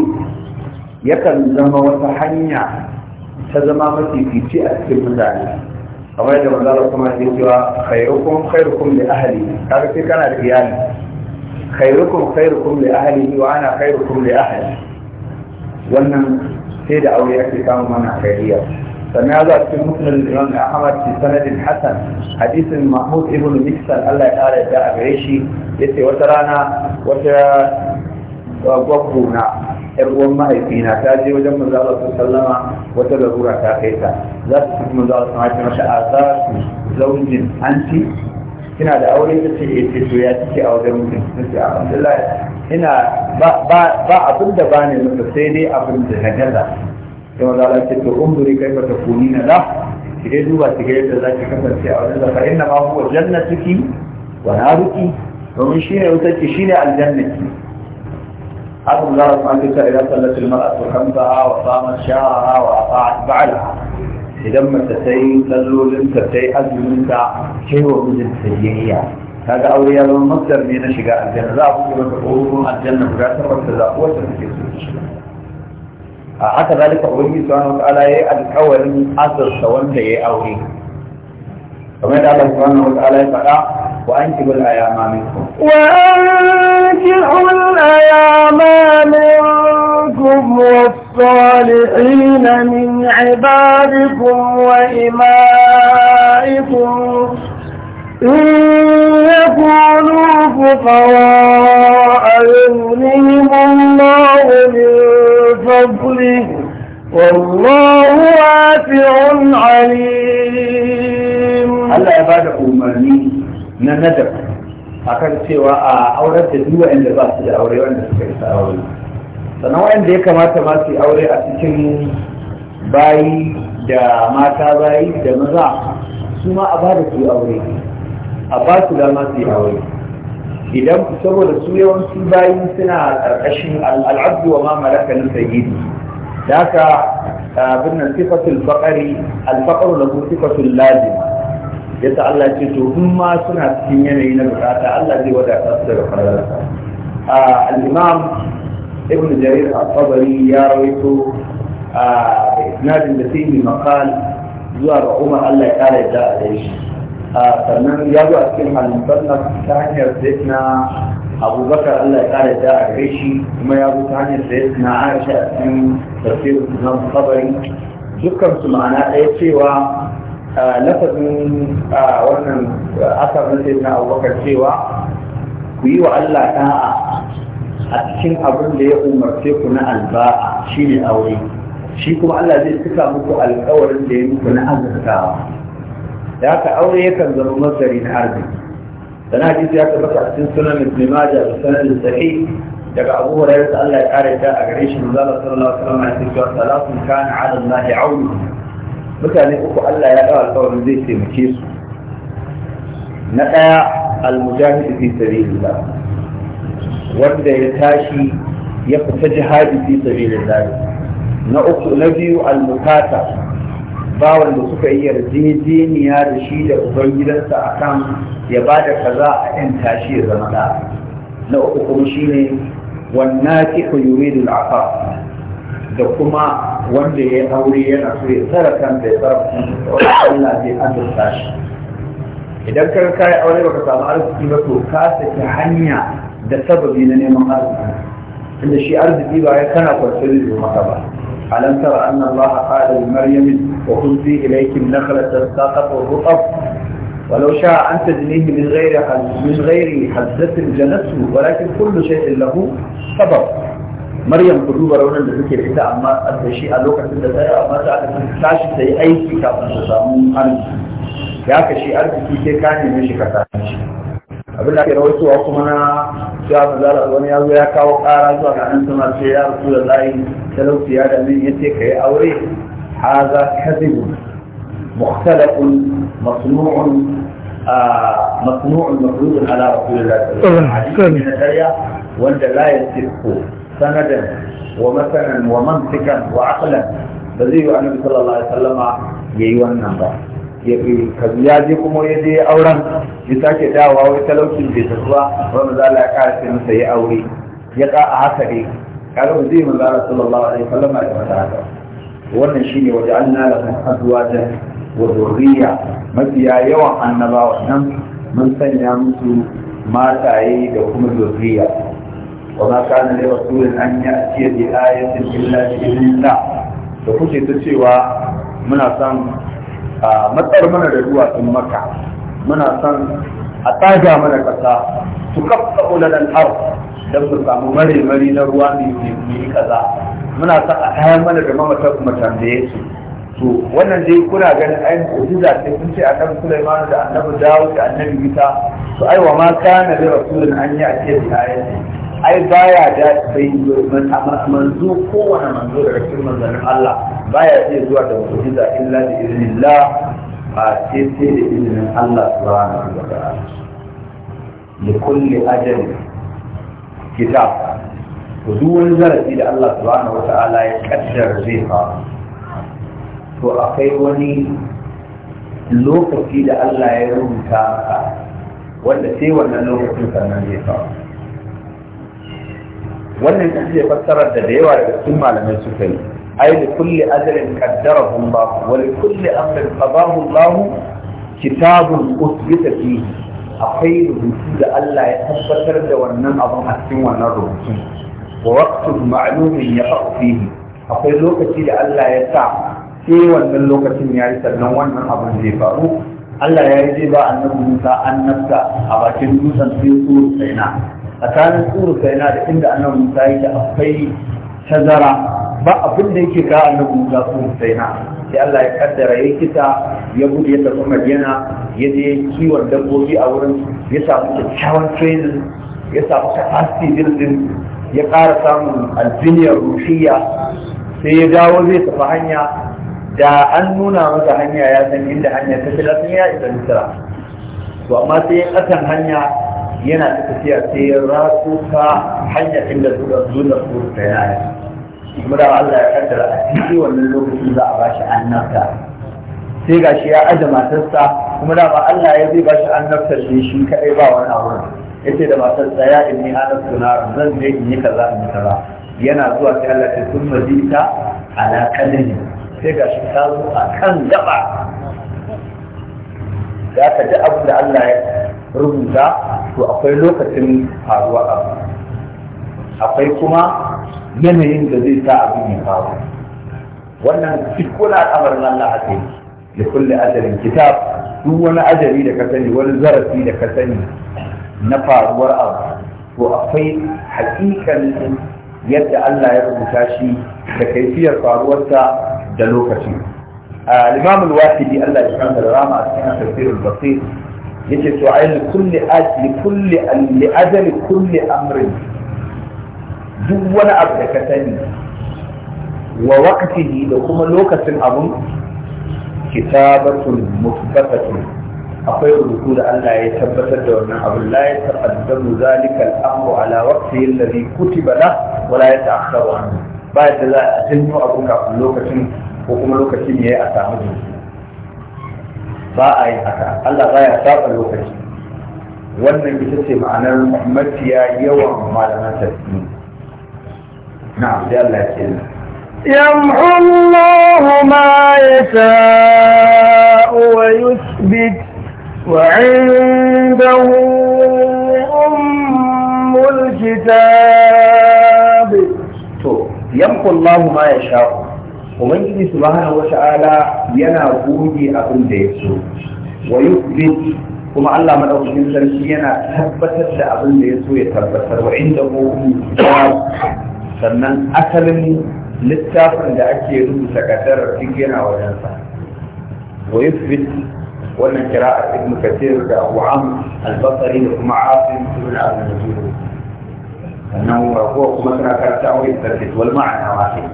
yakan zama wata hanya ta zama mafifici a cikin mutane kamar da manzo kuma ya cewa khairukum khairukum li ahli kaga sai kana da iyali khairukum khairukum li ahli wa ana khairukum li ahli wannan sai da aure ake samun mana khairiya sannan ya zo a cikin musulun imam ahmad fi sanadin hasan hadisin mahmud ibn miksan allah ya kara yadda a gare shi ya ce wata rana wata gwaggo na yar uwan mahaifina ta je wajen manzo Allah sallama wata larura ta kai ta za ta tafi manzo Allah sallama ta masa azatu zaujin anti kina da aure ta ce eh to ya take a wajen mutum ta ce alhamdulillah ina ba ba abin da bane maka sai dai abin da na gaza sai manzo Allah ce to umburi kai ka kuni na da ki dai duba ki ga yadda zaki ki kasance a wajen zaka inna ma huwa jannatuki wa naruki domin shine wutarki shine aljannaki حرم الله سبحانه وتعالى إذا صلت المرأة خمسها وصامت شهرها وأطاعت بعلها إذا ما تسي صلولن تسي أزمن تا شيء ومن سيئية هذا أولياء المصدر من شقاء الجنة لا أقول لكم الجنة مجاسة والتزاق وتسكيس haka zalika ubangiji subhanahu سبحانه وتعالى alƙawarin أصل wanda yayi aure فما يدعى الله سبحانه وتعالى ya وأنكحوا الأيام منكم وأنكحوا الأيام منكم والصالحين من عبادكم وإمائكم إن يكونوا فقراء يغنيهم الله من فضله والله واسع عليم يا بعد أمرني na nadar akan cewa a aurar da duk wanda ba su da aure wanda suka isa aure sannan wanda ya kamata ma su aure a cikin bayi da mata bayi da maza su ma a ba da su aure a ba su dama su yi aure idan saboda su yawanci bayi suna ƙarƙashin al'abdu wa ma malaka na sayyidi da haka abin nan sifatul faqari al lahu sifatul lazima yasa Allah ce to in ma suna cikin yanayi na bukata Allah zai wadata su daga fararsa a al-imam ibn jarir al-tabari ya rawaito a isnadin da sai maqal zuwa ga Umar Allah ya kare da shi sannan ya zo a cikin al-musannaf ta hanyar sayyidina Abu Bakar Allah ya kare da a shi kuma ya zo ta hanyar sayyidina Aisha a cikin tafsirin Imam Tabari dukkan su ma'ana ɗaya cewa lafazin wannan asar na sai na abubakar cewa ku yi wa Allah ta'a a cikin abin da ya umarce ku na alba'a shi ne aure shi kuma Allah zai cika muku alkawarin da ya muku na azurtawa da haka aure yakan zama masari na arziki sana hadisi ya tabbata a cikin sunan ibn majah da sanadin sahih daga abu hurairah Allah ya kare ta a gare shi manzo Allah sallallahu alaihi wasallam ya ce salatu kana ala Allah aunu mutane uku Allah ya ɗawa alƙawarin zai taimake su na ɗaya almujahidu fi sabilillah wanda ya tashi ya fita jihadi fi sabilillah na uku na biyu almukata bawan da suka yi yarjejeniya da shi da ubangidansa akan ya ba da kaza a yan tashi ya zama ɗaya. na uku kuma shine wannan ki yuridu al'afa da kuma wanda ya aure yana so ya tsara kan da ya tsara Allah zai azurta shi idan ka ka yi aure baka samu arziki ba to ka saki hanya da sababi na neman arziki inda shi arziki ba ya kana kwanciyar da maka ba alam tara anna Allah qala li maryam wa khudhi ilayki nakhlatan saqat rutab ولو شاء أن تجنيه من غير من غير حزة جنته ولكن كل شيء له سبب maryam ku duba raunin da suke da ita amma a shi a lokacin da ta yi amma ta aka tashi ta yi aiki kafin ta samu arziki ya ka shi arziki sai ka nemi shi ka sami shi abin da ake rawaitowa kuma na cewa ta zara wani ya zo ya kawo ƙara zuwa ga an sama ce ya rasu da layi talauci ya da min ya ce ka yi aure haza kadibu mukhtalafun masnu'un مصنوع مفروض على رسول الله صلى الله عليه وسلم وانت لا يستحقه سندا ومثلا ومنطقا وعقلا بزي النبي صلى الله عليه وسلم يي wannan ba ya je kuma ya je auren ya sake dawa wai talaukin talaucin bai tafiwa wani za ya ƙara sai masa ya aure ya ƙa a haka dai, kaga ba zai manzo Allah sallallahu alaihi wasallam ya faɗa haka wannan shine waje anna lakum azwajan wa dhurriya mafiya yawan annabawa nan mun sanya musu mataye da kuma zuriya وما كان لرسول أن يأتي بآية إلا بإذن الله da kuke ta cewa muna son a matsar mana da duwatsun maka muna son a tsaga mana ƙasa su kafa ulalan har don su samu mare-mari na ruwa mai mai kaza muna son a kayan mana da mamatan kuma da yake to wannan dai kuna ganin ai mu'jiza ce kun ce annabi Sulaiman da annabi dawo da annabi Isa to ai wa ma kana da rasulun an yi a ce da ayati ai baya da sai manzo kowane manzo daga cikin manzannin Allah baya sai zuwa da mu'jiza illa bi idnillah a sai sai da izinin Allah subhanahu wa ta'ala li kulli ajalin kitab to duk wani zarafi da Allah subhanahu wa ta'ala ya kaddara zai faru to akwai wani lokaci da Allah ya rubuta wanda sai wannan lokacin sannan zai faru wannan shi ne fassarar da da yawa daga cikin malamai suka yi ai li kulli ajalin qaddarahu Allah wa li kulli amrin qadahu Allah kitabun usbita akwai rubutu da Allah ya tabbatar da wannan abun a cikin wannan rubutun wa waqtun ma'lumin yaqa'u fihi akwai lokaci da Allah ya sa sai wannan lokacin ya yi sannan wannan abin zai faru Allah ya yi zai ba annabi Musa annabta a bakin dutsen sai su sai na ta tsuru rusaina da inda annabi musa yake akwai tazara ba abin da yake ka annabi musa tsuru kaina sai Allah ya kaddara ya kisa, ya gudu ya tafi yana, ya je kiwon dabbobi a wurin ya samu kyakkyawan training ya samu capacity building ya ƙara samun aljiniyar rushiya sai ya dawo zai tafi hanya da an nuna masa hanya ya san inda hanya ta fi ya isa nisira to amma sai ya ƙasan hanya yana ta tafiya sai ya rasu ka hanyar inda zuwa zuwa su da ya yi kuma da Allah ya kaddara a cikin wannan lokacin za a bashi annabta sai ga shi ya aje matarsa kuma da ba Allah ya zai bashi annabta shi shi kadai ba wani abu yace da matarsa ya inni annabtu na zan je in yi kaza in yi kaza yana zuwa sai Allah ya sun mazita ala kadani sai ga gashi ta zo a kan gaba Za ka ji abin da Allah ya rubuta to akwai lokacin faruwa abu akwai kuma yanayin da zai sa abin ya faru wannan cikin al'amarin Allah ake da kulle ajalin kitab duk wani ajali da ka sani wani zarafi da ka sani na faruwar abu to akwai hakikan yadda Allah ya rubuta shi da kaifiyar faruwarsa da lokacin al-imam al-waqidi Allah ya kanta da rama a cikin tafsirul basir yace to ai kulli ajli kulli li ajali kulli amrin duk wani abu da ka sani wa waqtihi da kuma lokacin abun kitabatun muttabatu akwai rubutu da Allah ya tabbatar da wannan abu la ya taqaddamu zalika al-amru ala waqtihi alladhi kutiba la wa la yata'akhkharu anhu ba da za a janyo abun kafin lokacin ko kuma lokacin ya yi a samu ba a yin haka Allah ba ya saba lokaci wannan ita ce ma'anar mafiya yawan malaman tafsiri na'am sai Allah ya ce يمحو الله ما يشاء ويثبت وعنده أم الكتاب يمحو الله ما يشاء ubangiji subhanahu wata'ala yana goge abin da ya so wa yuthbit kuma Allah madaukakin sarki yana tabbatar da abin da ya so ya tabbatar wa inda sannan asalin littafin da ake rubuta kadar duk yana wajensa wa yuthbit wannan kira'ar ibn kathir da abu am al-basri da kuma asim ibn abdul sannan wa kuma tana karanta wa yuthbit wal ma'ana wahid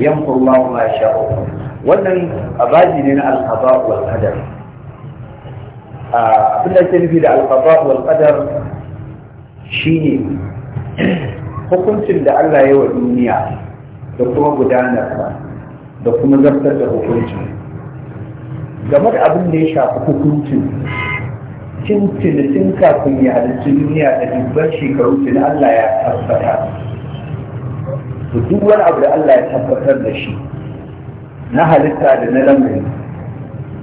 yamhu Allahu ma sha'u wannan abaji ne na al-qada wal qadar abin da ke nufi da al wal qadar shine hukuncin da Allah ya wa duniya da kuma gudanarsa da kuma zartar da hukuncin game da abin da ya shafi hukuncin cin cin kafin ya halittu duniya da dubban shekaru cin Allah ya tabbata to duk wani abu da Allah ya tabbatar da shi na halitta da na lamari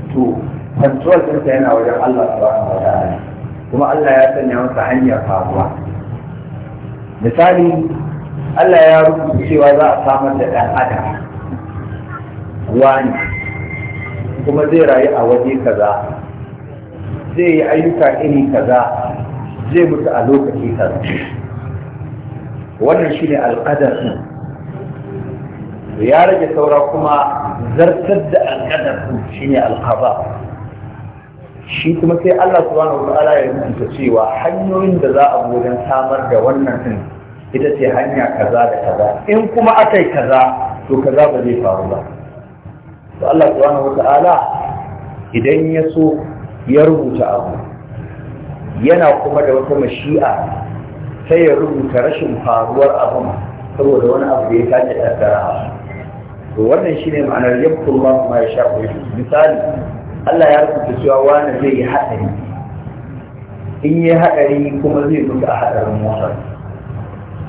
to control ɗinsa yana wajen Allah subhanahu wa ta'ala kuma Allah ya sanya masa hanyar faruwa misali Allah ya rubuta cewa za a samar da ɗan adam wani kuma zai rayu a waje kaza zai yi ayyuka iri kaza zai mutu a lokaci kaza wannan shine alƙadar to ya rage saura kuma zartar da alƙadar ne alƙaba shi kuma sai Allah subhanahu wa ta'ala ya rubuta cewa hanyoyin da za a bi wajen samar da wannan din ita ce hanya kaza da kaza in kuma akai kaza to kaza ba zai faru ba to Allah subhanahu wa ta'ala idan ya so ya rubuta abu yana kuma da wata mashi'a sai ya rubuta rashin faruwar abin saboda wani abu da ya tace kaddara to wannan shine ma'anar yaqullahu ma yasha wa misali Allah ya rubuta cewa wani zai yi hadari in yi hadari kuma zai mutu a hadarin mota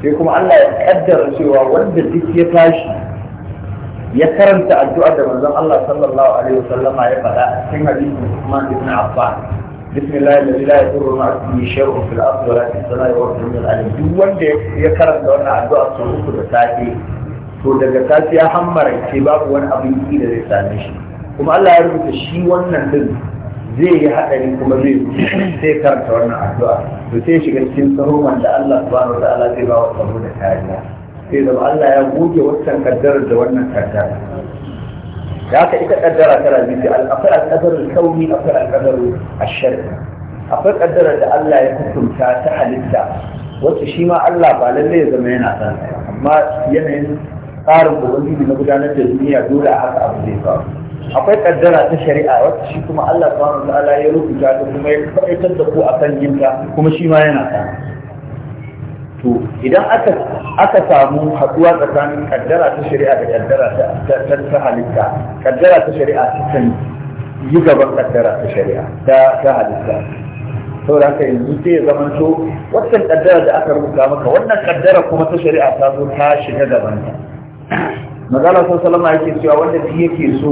sai kuma Allah ya kaddara cewa wanda duk ya tashi ya karanta addu'a da manzon Allah sallallahu alaihi wasallama ya faɗa cikin hadisin Usman ibn Affan بسم الله الذي لا يضر مع اسمه شيء في الارض ولا في السماء ولا في العلم دول wanda ya karanta wannan addu'a sau uku da safe to daga safiya hammara ce babu wani abin ki da zai same shi kuma Allah ya rubuta shi wannan din zai yi hadari kuma zai sai karanta wannan addu'a to sai shiga cikin tsaro wanda Allah subhanahu wataala zai ba wa tsaro da kariya sai zama Allah ya goge wancan kaddarar da wannan kaddara da haka ita kaddara tana biyu akwai alƙadarin kauni akwai alƙadarin asharri akwai kaddara da Allah ya hukunta ta halitta wacce shi ma Allah ba lallai ya zama yana san amma yanayin tsarin ubangiji na gudanar da duniya dole a haka abu zai faru akwai kaddara ta shari'a wacce shi kuma Allah subhanahu wa ta'ala ya rubuta ta kuma ya kaitar da ku akan yin kuma shi ma yana ta to idan aka aka samu haduwa tsakanin kaddara ta shari'a da kaddara ta ta halitta kaddara ta shari'a ta kan yi gaban kaddara ta shari'a ta ta halitta saboda haka yanzu sai ya zama to wannan kaddara da aka rubuta maka wannan kaddara kuma ta shari'a ta zo ta shiga gaban ta magana sun salama yake cewa wanda shi yake so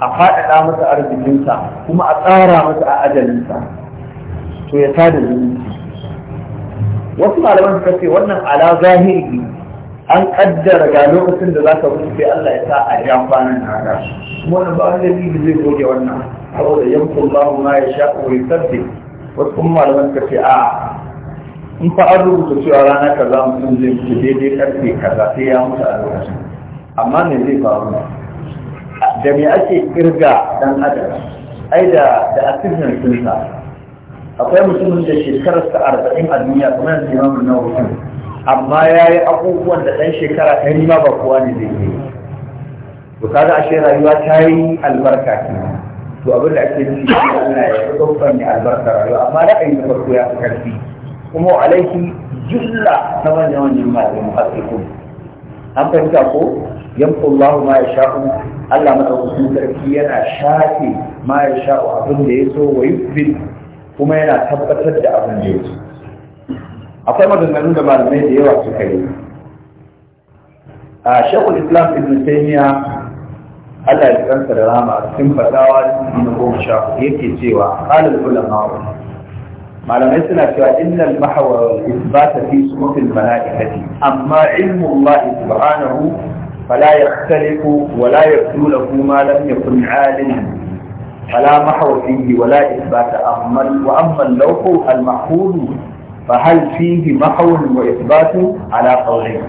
a faɗaɗa masa arzikinsa kuma a tsara masa a ajalinsa to ya tada zumunci wasu malaman suka ce wannan ala zahiri an kaddara ga lokacin da za ka mutu sai Allah ya sa a ja kwanan haka kuma wannan ba wani dalili zai goge wannan saboda yankun babu ma ya sha ko ya sabbe wasu kuma malaman suka ce a in fa an rubuta cewa rana kaza mutum zai mutu daidai karfe kaza sai ya mutu a lokacin amma me zai faru da me ake kirga dan adam ai da da asirin sunsa akwai mutumin da shekararsa arba'in a duniya kuma yanzu mamu nawa mutum amma ya yi abubuwan da ɗan shekara ɗari ma ba kowa ne zai yi to kaga ashe rayuwa ta yi albarka ke to abin da ake nufi shi Allah ya ɗaukar ne albarkar rayuwa amma ra'ayi na farko ya fi ƙarfi kuma alaiki, jilla ta manyan manyan malamin muhakkikun an fahimta ko yamqullahu ma sha'u, Allah madaukakin sarki yana shafe ma sha'u abin da ya so wa yubil kuma yana tabbatar da abin da ya so akwai maganganun da malamai da yawa suka yi a shekul islam ibn taymiya Allah ya kansa da rama a cikin fatawa na goma sha yake cewa qala al-ulama معلم إسنا فإن المحوى والإثبات في سقوط الملائكة أما علم الله سبحانه فلا يختلف ولا يبدو له ما لم يكن عالما فلا محو فيه ولا إثبات أما وأما اللوح المحفوظ فهل فيه محو وإثبات على قولين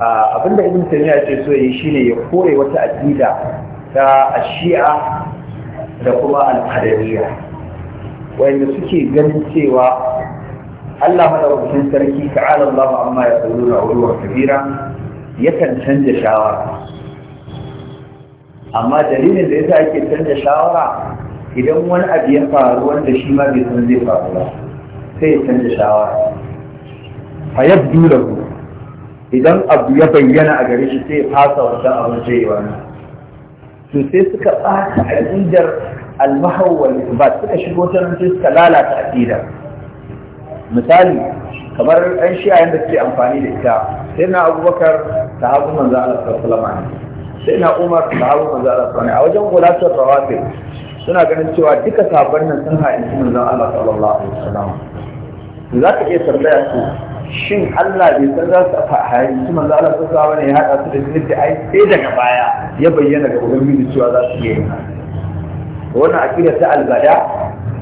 أبن آه أقول تيمية يسوع يشير يقول وتأديدا فالشيعة لقوى القدريه wanda suke ganin cewa Allah madaukakin sarki ta'ala Allah amma ya tsoro na ulwa kabira yakan canza shawara amma dalilin da yasa ake canza shawara idan wani abu ya faru wanda shi ma bai san zai faru ba sai ya canja shawara fa yabdu lahu idan abu ya bayyana a gare shi sai ya fasa wannan abin sai ya wani to sai suka ɓata al'idar almahau wal isbat suka shigo ta nan sai suka lalata aqida misali kamar ɗan shi'ayen da suke amfani da ita sai na abubakar sahabu manzo Allah sallallahu alaihi wasallam sai na umar sahabu manzo Allah sallallahu alaihi a wajen gulatar rawafid suna ganin cewa duka sabon nan sun ha'inci manzo Allah sallallahu alaihi wasallam za ka iya tambaya su shin Allah bai san za su hayi su manzo Allah sun sa wani ya haɗa su da jinni da ai sai daga baya ya bayyana ga ubangiji cewa za su yi wannan akidar ta albada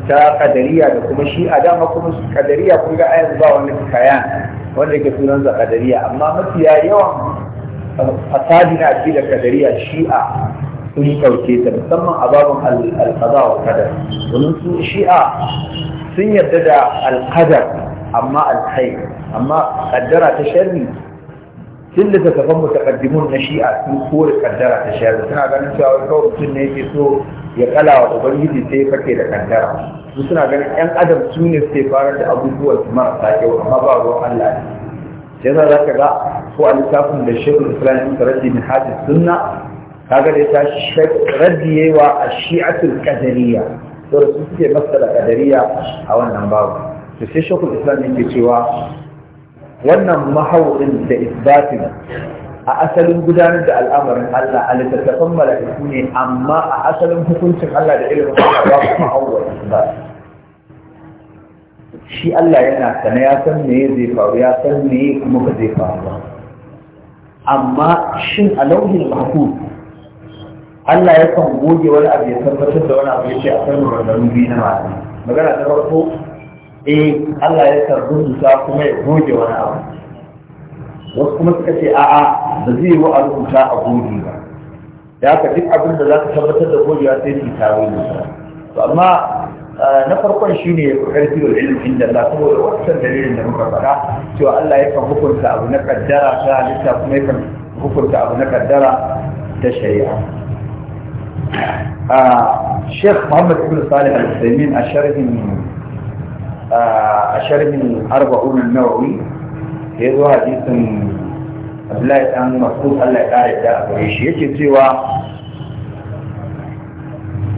ta kadariya da kuma shi a dama kuma kadariya kun ga ayan ba wani kayan wanda ke sunan za kadariya amma mafiya yawan fasadi na akidar kadariya shi'a sun kauce ta musamman a babin alkaza wa kadar domin su shi'a sun yarda da alkadar amma alkhair amma kaddara ta sharri tun da tafan mutakaddimun na shi'a sun kore kaddara ta shayar suna ganin cewa kawai mutum ne yake so ya kala wa ubangiji sai ya fake da kaddara su suna ganin yan adam su ne suke fara da abubuwan su marasa kyau amma ba ruwan Allah ne sai yasa za ka ga ko a littafin da shekul islam ibn raddi min hajji sunna kaga da ta raddi yawa a shi'atul qadariyya to su suke masa da qadariyya a wannan babu to sai shekul islam ke cewa wannan mahaurin da isbatin a asalin gudanar da al'amarin Allah a littattafan mala'iku ne amma a asalin hukuncin Allah da ilimin Allah ba su ma'auwar ba shi Allah yana sana ya san me zai faru ya san me kuma ba zai faru ba amma shin a lauhin mahfuz Allah ya kan goge wani abu ya tabbatar da wani abu ya ce a kan maganganu biyu na malamai magana ta farko eh Allah ya kan rubuta kuma ya goge wani abu wasu kuma suka ce a'a ba zai yi wa a rubuta a goge ba Ya haka duk abin da za ka tabbatar da gogewa sai su tawo ne to amma eh, na farkon shi ne ya fi ƙarfi da ilimin da Allah saboda wancan dalilin da muka faɗa cewa Allah ya kan hukunta abu na kaddara ta halitta kuma ya kan hukunta abu na kaddara ta shari'a الشيخ محمد بن صالح الحسيمين الشرح أشرب sharhin arba'un an-nawawi ya zo hadisin Abdullahi dan Mas'ud Allah ya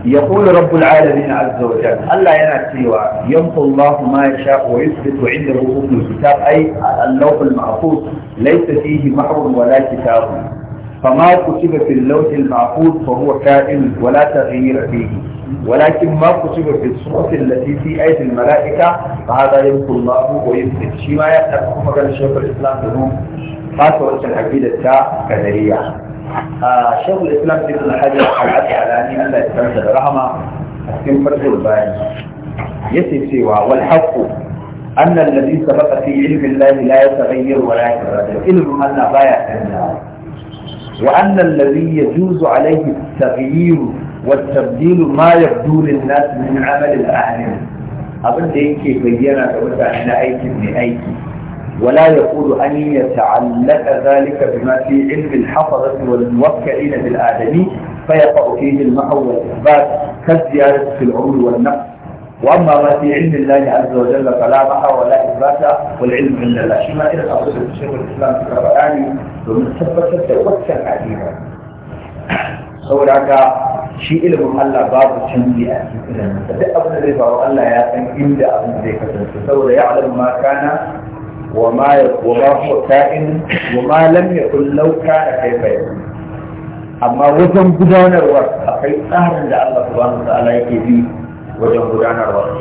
يقول رب العالمين عز وجل الله ينسيوا ينفى الله ما يشاء ويثبت عنده حكم الكتاب أي اللوح المحفوظ ليس فيه محو ولا كتاب فما كتب في اللوح المعقود فهو كائن ولا تغيير فيه ولكن ما كتب في الصوت التي في أيدي الملائكة فهذا يمحو الله ويثبت شيما يأتيكم مجال الشيخ الإسلام بهم خاصة العقيدة الكدرية آه شيخ الإسلام ابن حجر أن لا يسلمك برحمة أسلم فرد الباين يسي سوى والحق أن الذي سبق في علم الله لا يتغير ولا يتغير علم أن بايع الله وأن الذي يجوز عليه التغيير والتبديل ما يبدو للناس من عمل الأهل أبدا يكي بينا كبدا أنا أيك من أيك ولا يقول أن يتعلق ذلك بما في علم الحفظة والموكلين بالآدمي فيقع فيه المحو والإثبات كالزيادة في العمر والنقص واما ما في علم الله عز وجل فلا بحر ولا اثبات والعلم من الله شما الى تقصد الشيخ الاسلام في القران ومن ثبت توكل عليها هو راكا شيء علم الله باب التنبيه فدق ابن الرفا وقال الله يا ان انت ابن ذيك يعلم ما كان وما وما هو كائن وما لم يكن لو كان كيف يكون اما وزن بدون الوقت اخي اهل سبحانه وتعالى يكفي wajen gudanarwa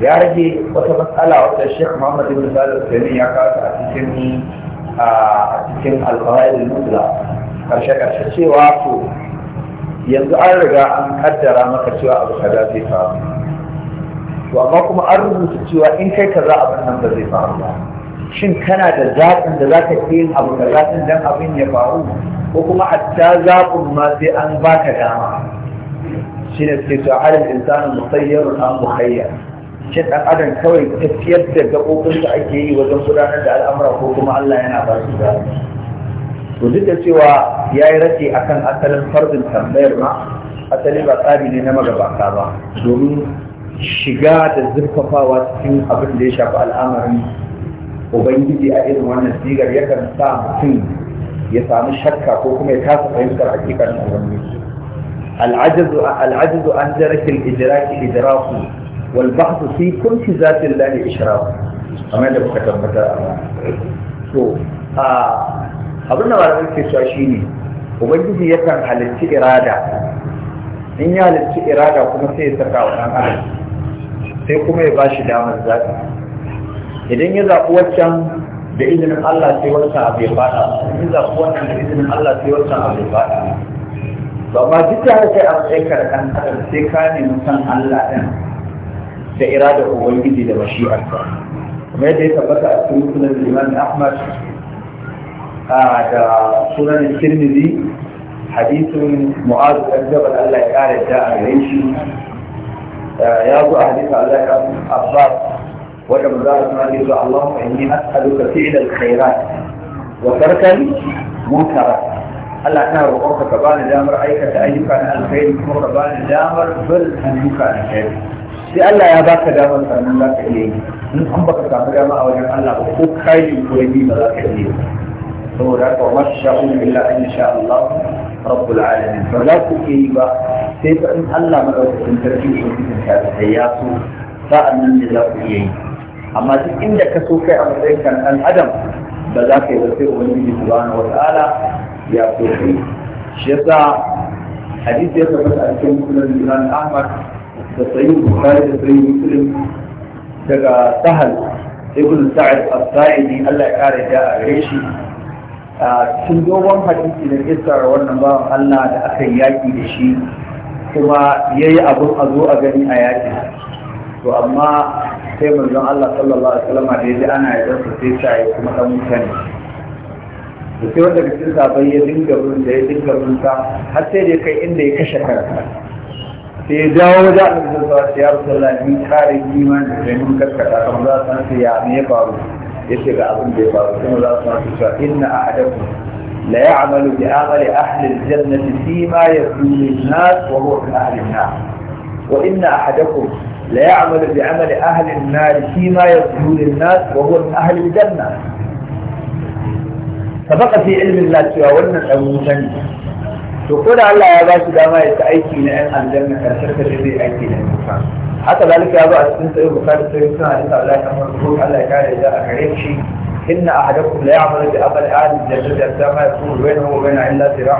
ya rage wata matsala wata Sheikh muhammad ibn salih sani ya kawo a cikin a cikin alfahari da karshe karshe cewa to yanzu an riga an kaddara maka cewa abu kaza zai faru to amma kuma an rubuta cewa in kai kaza abin nan ba zai faru ba shin kana da zaɓin da za ka yin abu kaza din dan abin ya faru ko kuma hatta zaɓin ma sai an baka dama shi ne suke cewa halin insanin musayyarun an muhayyar shi ɗan adam kawai tafiyar da gaɓoɓinsa ake yi wajen gudanar da al'amura ko kuma Allah yana ba su da to duk da cewa ya yi rashi akan asalin farzin tambayar ma asali ba tsari ne na magabata ba domin shiga da zurfafawa cikin abin da ya shafi al'amarin ubangiji a irin wannan sigar yakan sa mutum ya samu shakka ko kuma ya kasa fahimtar hakikar ubangiji العجز العجز عن درك الإدراك إدراك والبحث في كل ذات الله da أما tabbata كتبت so abin da malamai ke cewa shine ubangiji yakan halicci irada in ya halicci irada kuma sai ya saka wa ɗan adam sai kuma ya bashi damar zaɓi idan ya zaɓi waccan da izinin Allah sai wancan abu ya faɗa in zaɓi wannan da izinin Allah sai wancan abu ya faɗa to amma duk da haka sai a tsaye ka da kan adam sai ka nemi san Allah ɗin da irada ubangiji da mashi'arsa kamar yadda ya tabbata a cikin sunan Imam Ahmad da sunan Tirmidhi hadisin Mu'adh bin Jabal Allah ya kare da a gare shi ya zo a hadisin Allah ya Abbas wanda manzo Allah ya ce Allahumma inni as'aluka fi'l al-khairat wa tarkal munkarat هل أنا وقفت كبان الجامر أيكت أيك أن الخير يكون كبان الجامر بل أن يكون كان الخير سألا يا باك جامر فرمان لك إليه من أمبك كامر يا ما أوجد أن أخوك خير يكوني بلاك إليه سورة وما الشعور إلا أن شاء الله رب العالمين فلا تكيبا سيبا أن الله من أوجد أن ترجيه شوكي من هذا الحياس فأنا من الله إليه أما إنك سوكي أمرين كان الأدم بلاك يبسيء ونبي سبحانه وتعالى ya so shi yasa hadisi ya tabbata a cikin musulun Imam Ahmad da sayi bukari da sayi musulun daga Sahal ibn Sa'id as-Sa'idi Allah ya kare da a gare shi a cikin dogon hadisi na kisar wannan bawan Allah da aka yaki da shi kuma yayi abun a zo a gani a yaki to amma sai manzon Allah sallallahu alaihi wasallam da ya ji ana yadda sai sai kuma ɗan mutane da sai wanda cikin sabai ya dinga bin da ya dinga bin sa har sai da kai inda ya kashe kansa sai ya dawo wajen annabi sallallahu alaihi wasallam ya rasulullah ni kare imani da mun karkata kuma za san sai ya me faru yace ga abin da ya faru kuma za su san cewa inna ahadakum la ya'malu bi amali ahli al-jannati fima yakunu an-nas wa huwa min ahli an-nar wa inna ahadakum la ya'malu bi amali ahli an-nar fima yakunu an-nas wa huwa min ahli al-jannah sabaka fi ilmin la cewa wannan dan wuta ne to ko da Allah ya ba shi dama ya ta aiki na yan aljanna karsar ka zai aiki na wuta haka zalika ya zo a cikin sai bukari sai suna da Allah ya farko Allah ya kare da a gare shi إن أحدكم لا يعمل بأمل أهل الجنة حتى ما يكون بينه وبين إلا ذراع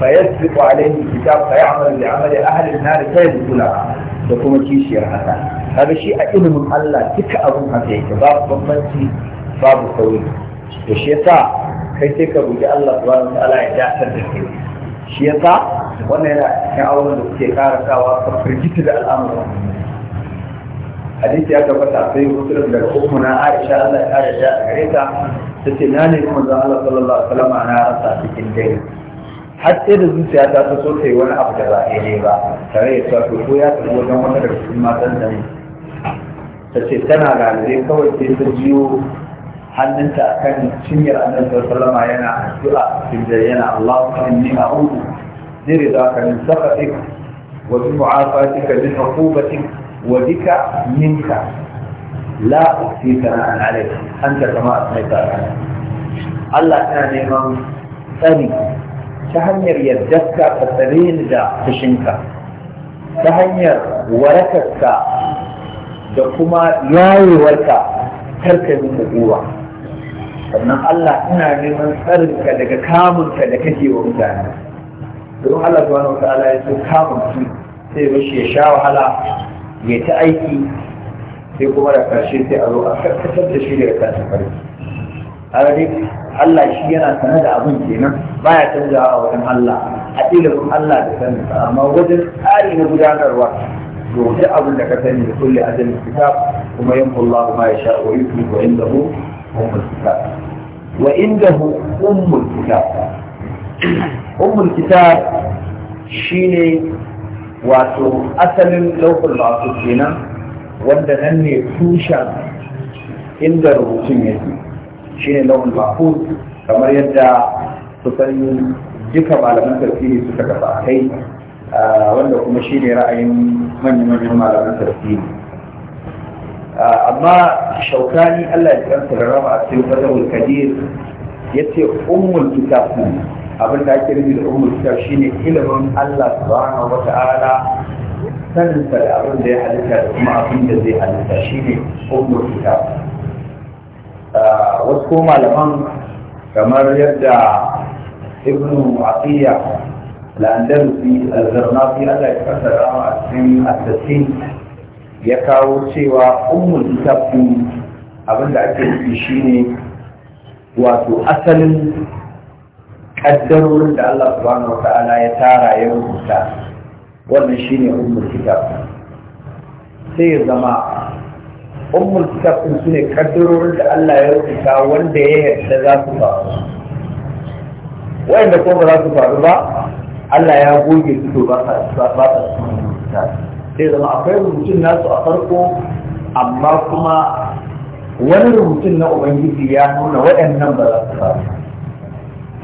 فيسبق عليه الكتاب فيعمل بعمل أهل النار فيدخل لها تكون كيشي هذا هذا شيء علم الله تك أبو حكيك باب بمبنتي باب قوي الشيطان kai sai ka roki Allah subhanahu wataala ya dace da kai shi yasa wannan yana cikin auren da kuke karatawa ka firgita da al'amuran hadisi ya gabata sai musulun daga uku na Aisha Allah ya kare da gare ta ce na ne kuma zan Allah sallallahu alaihi wasallam na rasa cikin dai har sai da zuciya ta ta so sai wani abu da ba a ne ba tare da ta, ko ya tafi wajen wata daga cikin matan da ne tace tana ranaye kawai sai ta jiyo hannunta a kan cinyar annabi sallallahu yana addu'a inda yana Allahumma inni a'udhu biridaka min sakhatik wa bi mu'afatika min uqubatik wa bika minka la uhsi sana'an alayk anta kama asmaita ala Allah yana neman tsari ta hanyar yardarka ka tsare ni da fushinka ta hanyar warakarka da kuma yayewarka karka yi muku sannan Allah ina neman tsarinka daga kamunka da kake wa mutane don Allah subhanahu wataala ya so kamun su sai bashi ya sha wahala ya ta aiki sai kuma da karshe sai a zo a karkatar da shi daga tashin farki dai Allah shi yana sane da abin kenan baya canzawa a wajen Allah a ilimin Allah da sanin amma wajen tsari na gudanarwa to duk abin da ka sani da kulli ajalin kitab kuma yanfullahu ma yasha wa yutu wa indahu أم الكتاب وعنده أم الكتاب أم الكتاب شيني واتو أسل لوح العصر هنا وانده نني توشا عند الرسمية شيني لوح المحفوظ كما يدى تسلم duka malaman tafsiri suka kafa kai wanda kuma shi ne ra'ayin manya-manyan malaman tafsiri آه، أما شوكاني الله يكرم الرابعة في سيدنا الكبير يتي أم الكتاب أبدا تأكل أم الكتاب شيني إلى الله سبحانه وتعالى سنسى أبن ذي حدثة ما أبن ذي حدثة شيني أم الكتاب آه، وسكوما لمن كما يبدا ابن عطية الأندلسي الزرنافي الله يكرم الرابعة في سيدنا ya kawo cewa ummul kitabin abinda ake nufi shine wato asalin kaddarorin da Allah subhanahu wata'ala ya tara ya rubuta wannan shine ummul kitab sai zama ummul kitab din shine kaddarorin da Allah ya rubuta wanda ya yarda za su faru wanda kuma za su faru ba Allah ya goge su ba ba ta cikin rubuta sai zama akwai rubutun nasu a farko amma kuma wani rubutun na ubangiji ya nuna waɗannan ba za su faru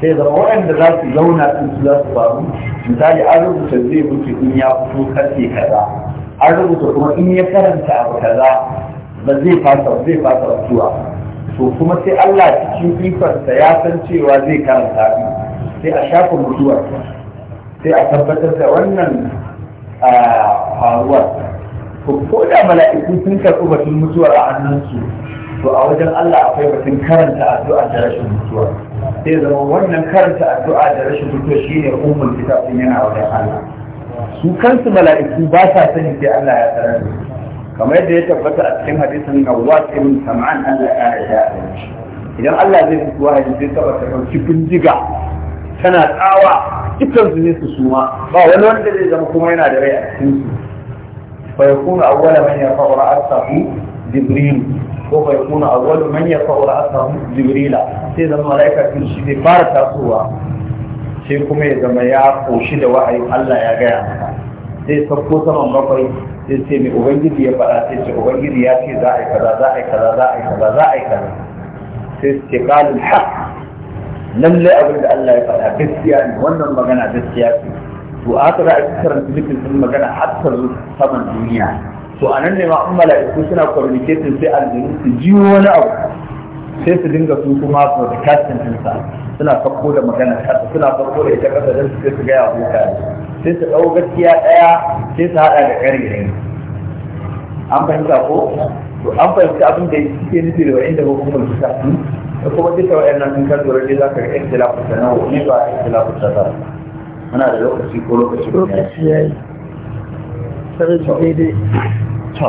sai zama waɗanda za su zauna sun su za su faru misali an rubuta zai mutu in ya fito kace kaza an rubuta kuma in ya karanta abu kaza ba zai fasa zai fasa rasuwa to kuma sai Allah cikin ikonsa ya san cewa zai karanta sai a shafa mutuwar sai a tabbatar da wannan a faruwar ko da mala'iku sun karɓi batun mutuwar a hannunsu to a wajen Allah akwai batun karanta addu'a da rashin mutuwa sai zama wannan karanta addu'a da rashin mutuwa shine ummul kitab yana wajen Allah su kansu mala'iku ba sa sani sai Allah ya sanar kamar yadda ya tabbata a cikin hadisin Nawwas ibn Sam'an Allah ya yarda idan Allah zai mutu wahayi sai tabbata ɗauki bindiga tana tsawa dukkan su ne su suma ba wani wanda zai zama kuma yana da rai a cikin su fa yakunu awwala man yafa'u ra'asahu jibril ko fa yakunu awwalu man yafa'u ra'asahu jibrila sai zama malaika tun shi zai fara tasowa sai kuma ya zama ya koshi da wa'ayin Allah ya gaya masa sai sauko saman bakwai sai ce mai ubangiji ya faɗa sai ce ubangiji ya ce za a yi kaza za a yi kaza za a yi kaza za a yi kaza sai ce qalul haqq lallai abin da Allah ya faɗa gaskiya ne wannan magana gaskiya ce to aka za a karanta nufin sun magana har ta saman duniya to a nan ne ma an mala'iku suna communicating sai aljanu su ji wani abu sai su dinga su kuma broadcasting ɗinsa suna farko da magana kasa suna farko da ita kasa don su sai su gaya wa mutane sai su ɗau gaskiya ɗaya sai su haɗa da ƙarirai an fahimta ko to an fahimta abin da suke nufi da wa'inda hukumar su da kuma duka waɗannan sun kan lura dai za ka ga ikhtilafu tanawu ne ba ikhtilafu tazar muna da lokaci ko lokaci ne lokaci yayi sai daidai to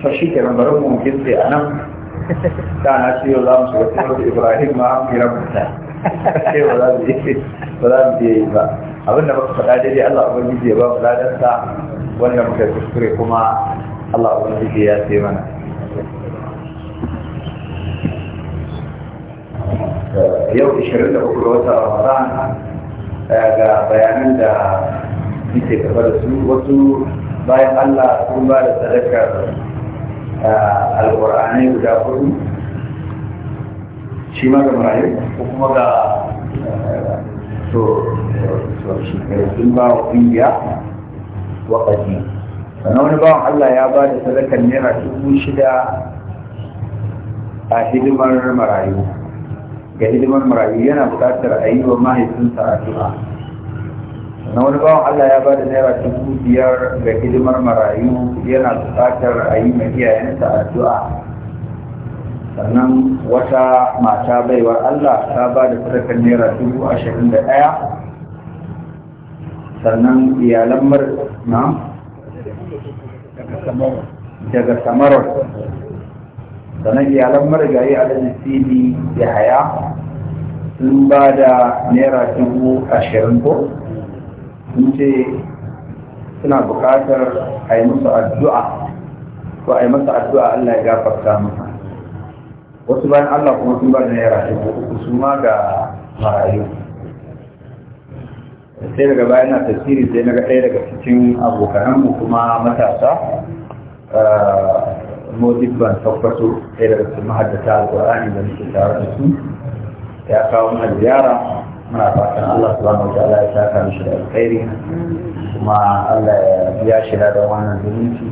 to shi ke nan bari mu gitse a nan da na ce yau za mu shiga cikin Ibrahim ma an kira mutane sai ba za mu je ba za mu je ba abin da muka faɗa daidai Allah ubangiji ya ba mu ladarsa wanda muka kuskure kuma Allah ubangiji ya sai mana yau 23 ga wata ramadan eh, ga bayanan da ke gaba da su wasu bayan allah sun ba da sadakar eh, alƙur'anai guda kudu shi ma ga marayu ko kuma ga eh, to shi sun ba wa ƙungiya waƙaji sannan wani bawan allah ya ba da sadakar naira dubu shida a hidimar marayu ga hidimar marayu yana bukatar a yi wa mahaifinsa addu'a na wani bawan Allah ya ba da naira dubu biyar ga hidimar marayu yana bukatar a yi ma iyayensa addu'a sannan wata mata baiwa Allah ta ba da sadakar naira dubu ashirin da ɗaya sannan iyalan mar na daga samarar sannan iyalan marigayi a da ya haya sun ba da naira dubu ashirin ko sun ce suna buƙatar a yi musu addu'a ko a yi masa addu'a Allah ya gafarta masa wasu bayan Allah kuma sun ba da naira dubu uku su ma ga marayu sai daga bayan na tasiri sai naga ɗaya daga cikin abokananmu kuma matasa eh, ban tabbato ɗaya daga cikin mahaddata alƙur'ani da muke tare da su ya kawo mana ziyara muna fatan Allah subhanahu wa ya saka mishi da alkhairi kuma Allah ya biya shi da wannan zumunci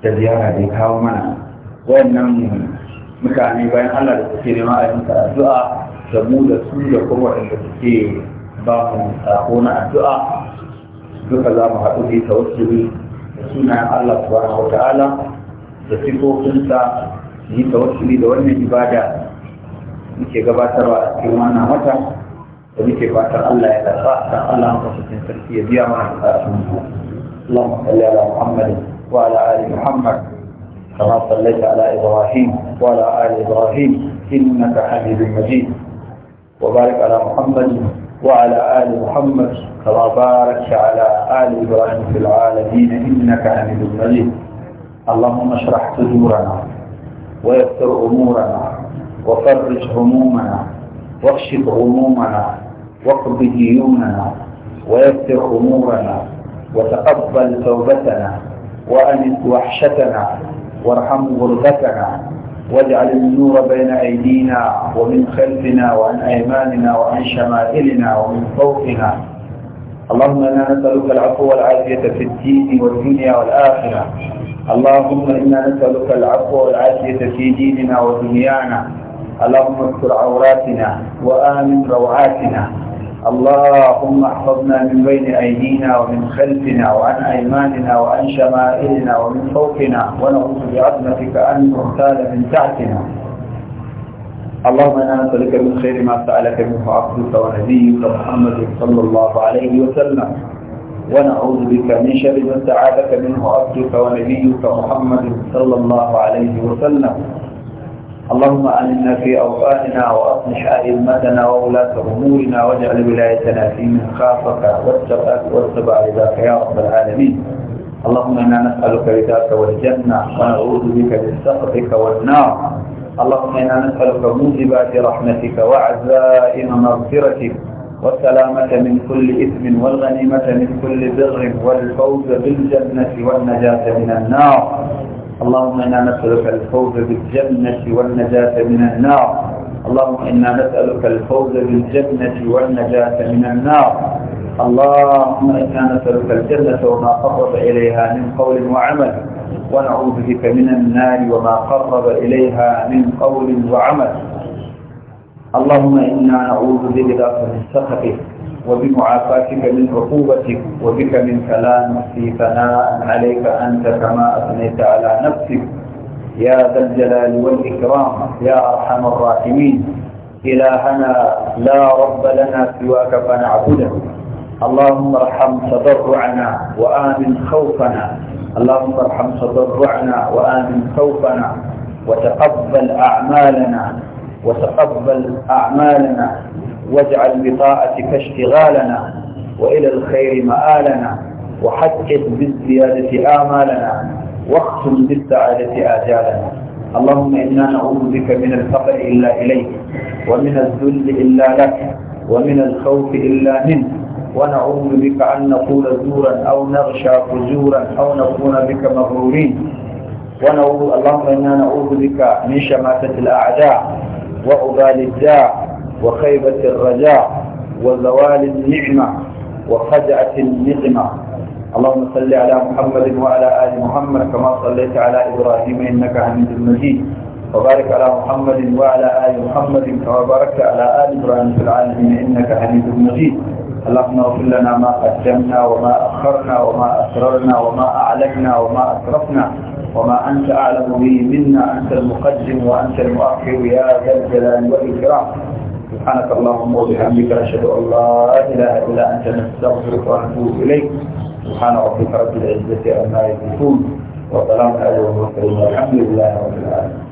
da ziyara da ya kawo mana wayannan mutane bayan Allah da suke nema a yin addu'a da mu da su da kuma waɗanda suke ba mu sako na addu'a duka za mu haɗu da wasu da sunayen Allah subhanahu wa ta'ala da sifofinsa yi tawassuli da wannan ibada muke gabatarwa a cikin wannan wata da muke fatan Allah ya karɓa dan Allah mafasakin sarki ya biya mana bukatun mu اللهم صل على محمد وعلى ال محمد كما صليت على ابراهيم وعلى ال ابراهيم انك حميد مجيد وبارك على محمد وعلى ال محمد كما باركت على ال ابراهيم في العالمين انك حميد مجيد اللهم اشرح صدورنا ويسر امورنا وفرج همومنا واكشف غمومنا واقض ديوننا ويسر أمورنا وتقبل توبتنا وأنس وحشتنا وارحم غربتنا واجعل النور بين أيدينا ومن خلفنا وعن أيماننا وعن شمائلنا ومن فوقنا اللهم إنا نسألك العفو والعافية في الدين والدنيا والآخرة اللهم إنا نسألك العفو والعافية في ديننا ودنيانا اللهم استر عوراتنا وآمن روعاتنا اللهم احفظنا من بين أيدينا ومن خلفنا وعن أيماننا وعن شمائلنا ومن فوقنا ونعوذ بعظمتك أن نغتال من تحتنا اللهم انا نسألك من خير ما سألك منه عبدك ونبيك محمد صلى الله عليه وسلم ونعوذ بك من شر ما استعاذك منه عبدك ونبيك محمد صلى الله عليه وسلم اللهم آمنا في أوقاتنا وأصلح أئمتنا وولاة أمورنا واجعل ولايتنا في من خافك واتقاك واتبع رضاك يا رب العالمين اللهم إنا نسألك رضاك والجنة ونعوذ بك من سخطك والنار اللهم إنا نسألك موجبات رحمتك وعزائم مغفرتك والسلامة من كل إثم والغنيمة من كل بر والفوز بالجنة والنجاة من النار اللهم إنا نسألك الفوز بالجنة والنجاة من النار اللهم إنا نسألك الفوز بالجنة والنجاة من النار اللهم إنا نسألك الجنة وما قرب إليها من قول وعمل ونعوذ بك من النار وما قرب إليها من قول وعمل اللهم إنا نعوذ بك من سخطك وبمعافاتك من عقوبتك وبك من كلام في ثناء عليك أنت كما أثنيت على نفسك يا ذا الجلال والإكرام يا أرحم الراحمين إلهنا لا رب لنا سواك فنعبده اللهم ارحم تضرعنا وآمن خوفنا اللهم ارحم تضرعنا وآمن خوفنا وتقبل أعمالنا وتقبل أعمالنا واجعل بطاعتك اشتغالنا وإلى الخير مآلنا وحقق بالزيادة آمالنا واختم بالسعادة آجالنا اللهم إنا نعوذ بك من الفقر إلا إليك ومن الذل إلا لك ومن الخوف إلا منك ونعوذ بك أن نقول زورا أو نغشى فجورا أو نكون بك مغرورين ونعوذ اللهم إنا نعوذ بك من شماتة الأعداء وعبال الداء وخيبة الرجاء وزوال النعمة وخدعة النقمة اللهم صل على محمد وعلى آل محمد كما صليت على إبراهيم إنك حميد مجيد وبارك على محمد وعلى آل محمد كما باركت على آل إبراهيم في العالمين إنك حميد مجيد اللهم اغفر لنا ما قدمنا وما أخرنا وما أسررنا وما أعلنا وما أسرفنا وما أنت أعلم به منا أنت المقدم وأنت المؤخر يا ذا الجلال والإكرام سبحانك اللهم وبحمدك أشهد أن لا إله إلا أنت نستغفرك ونتوب إليك سبحان ربك رب العزة عما يصفون وسلام على المرسلين والحمد لله رب العالمين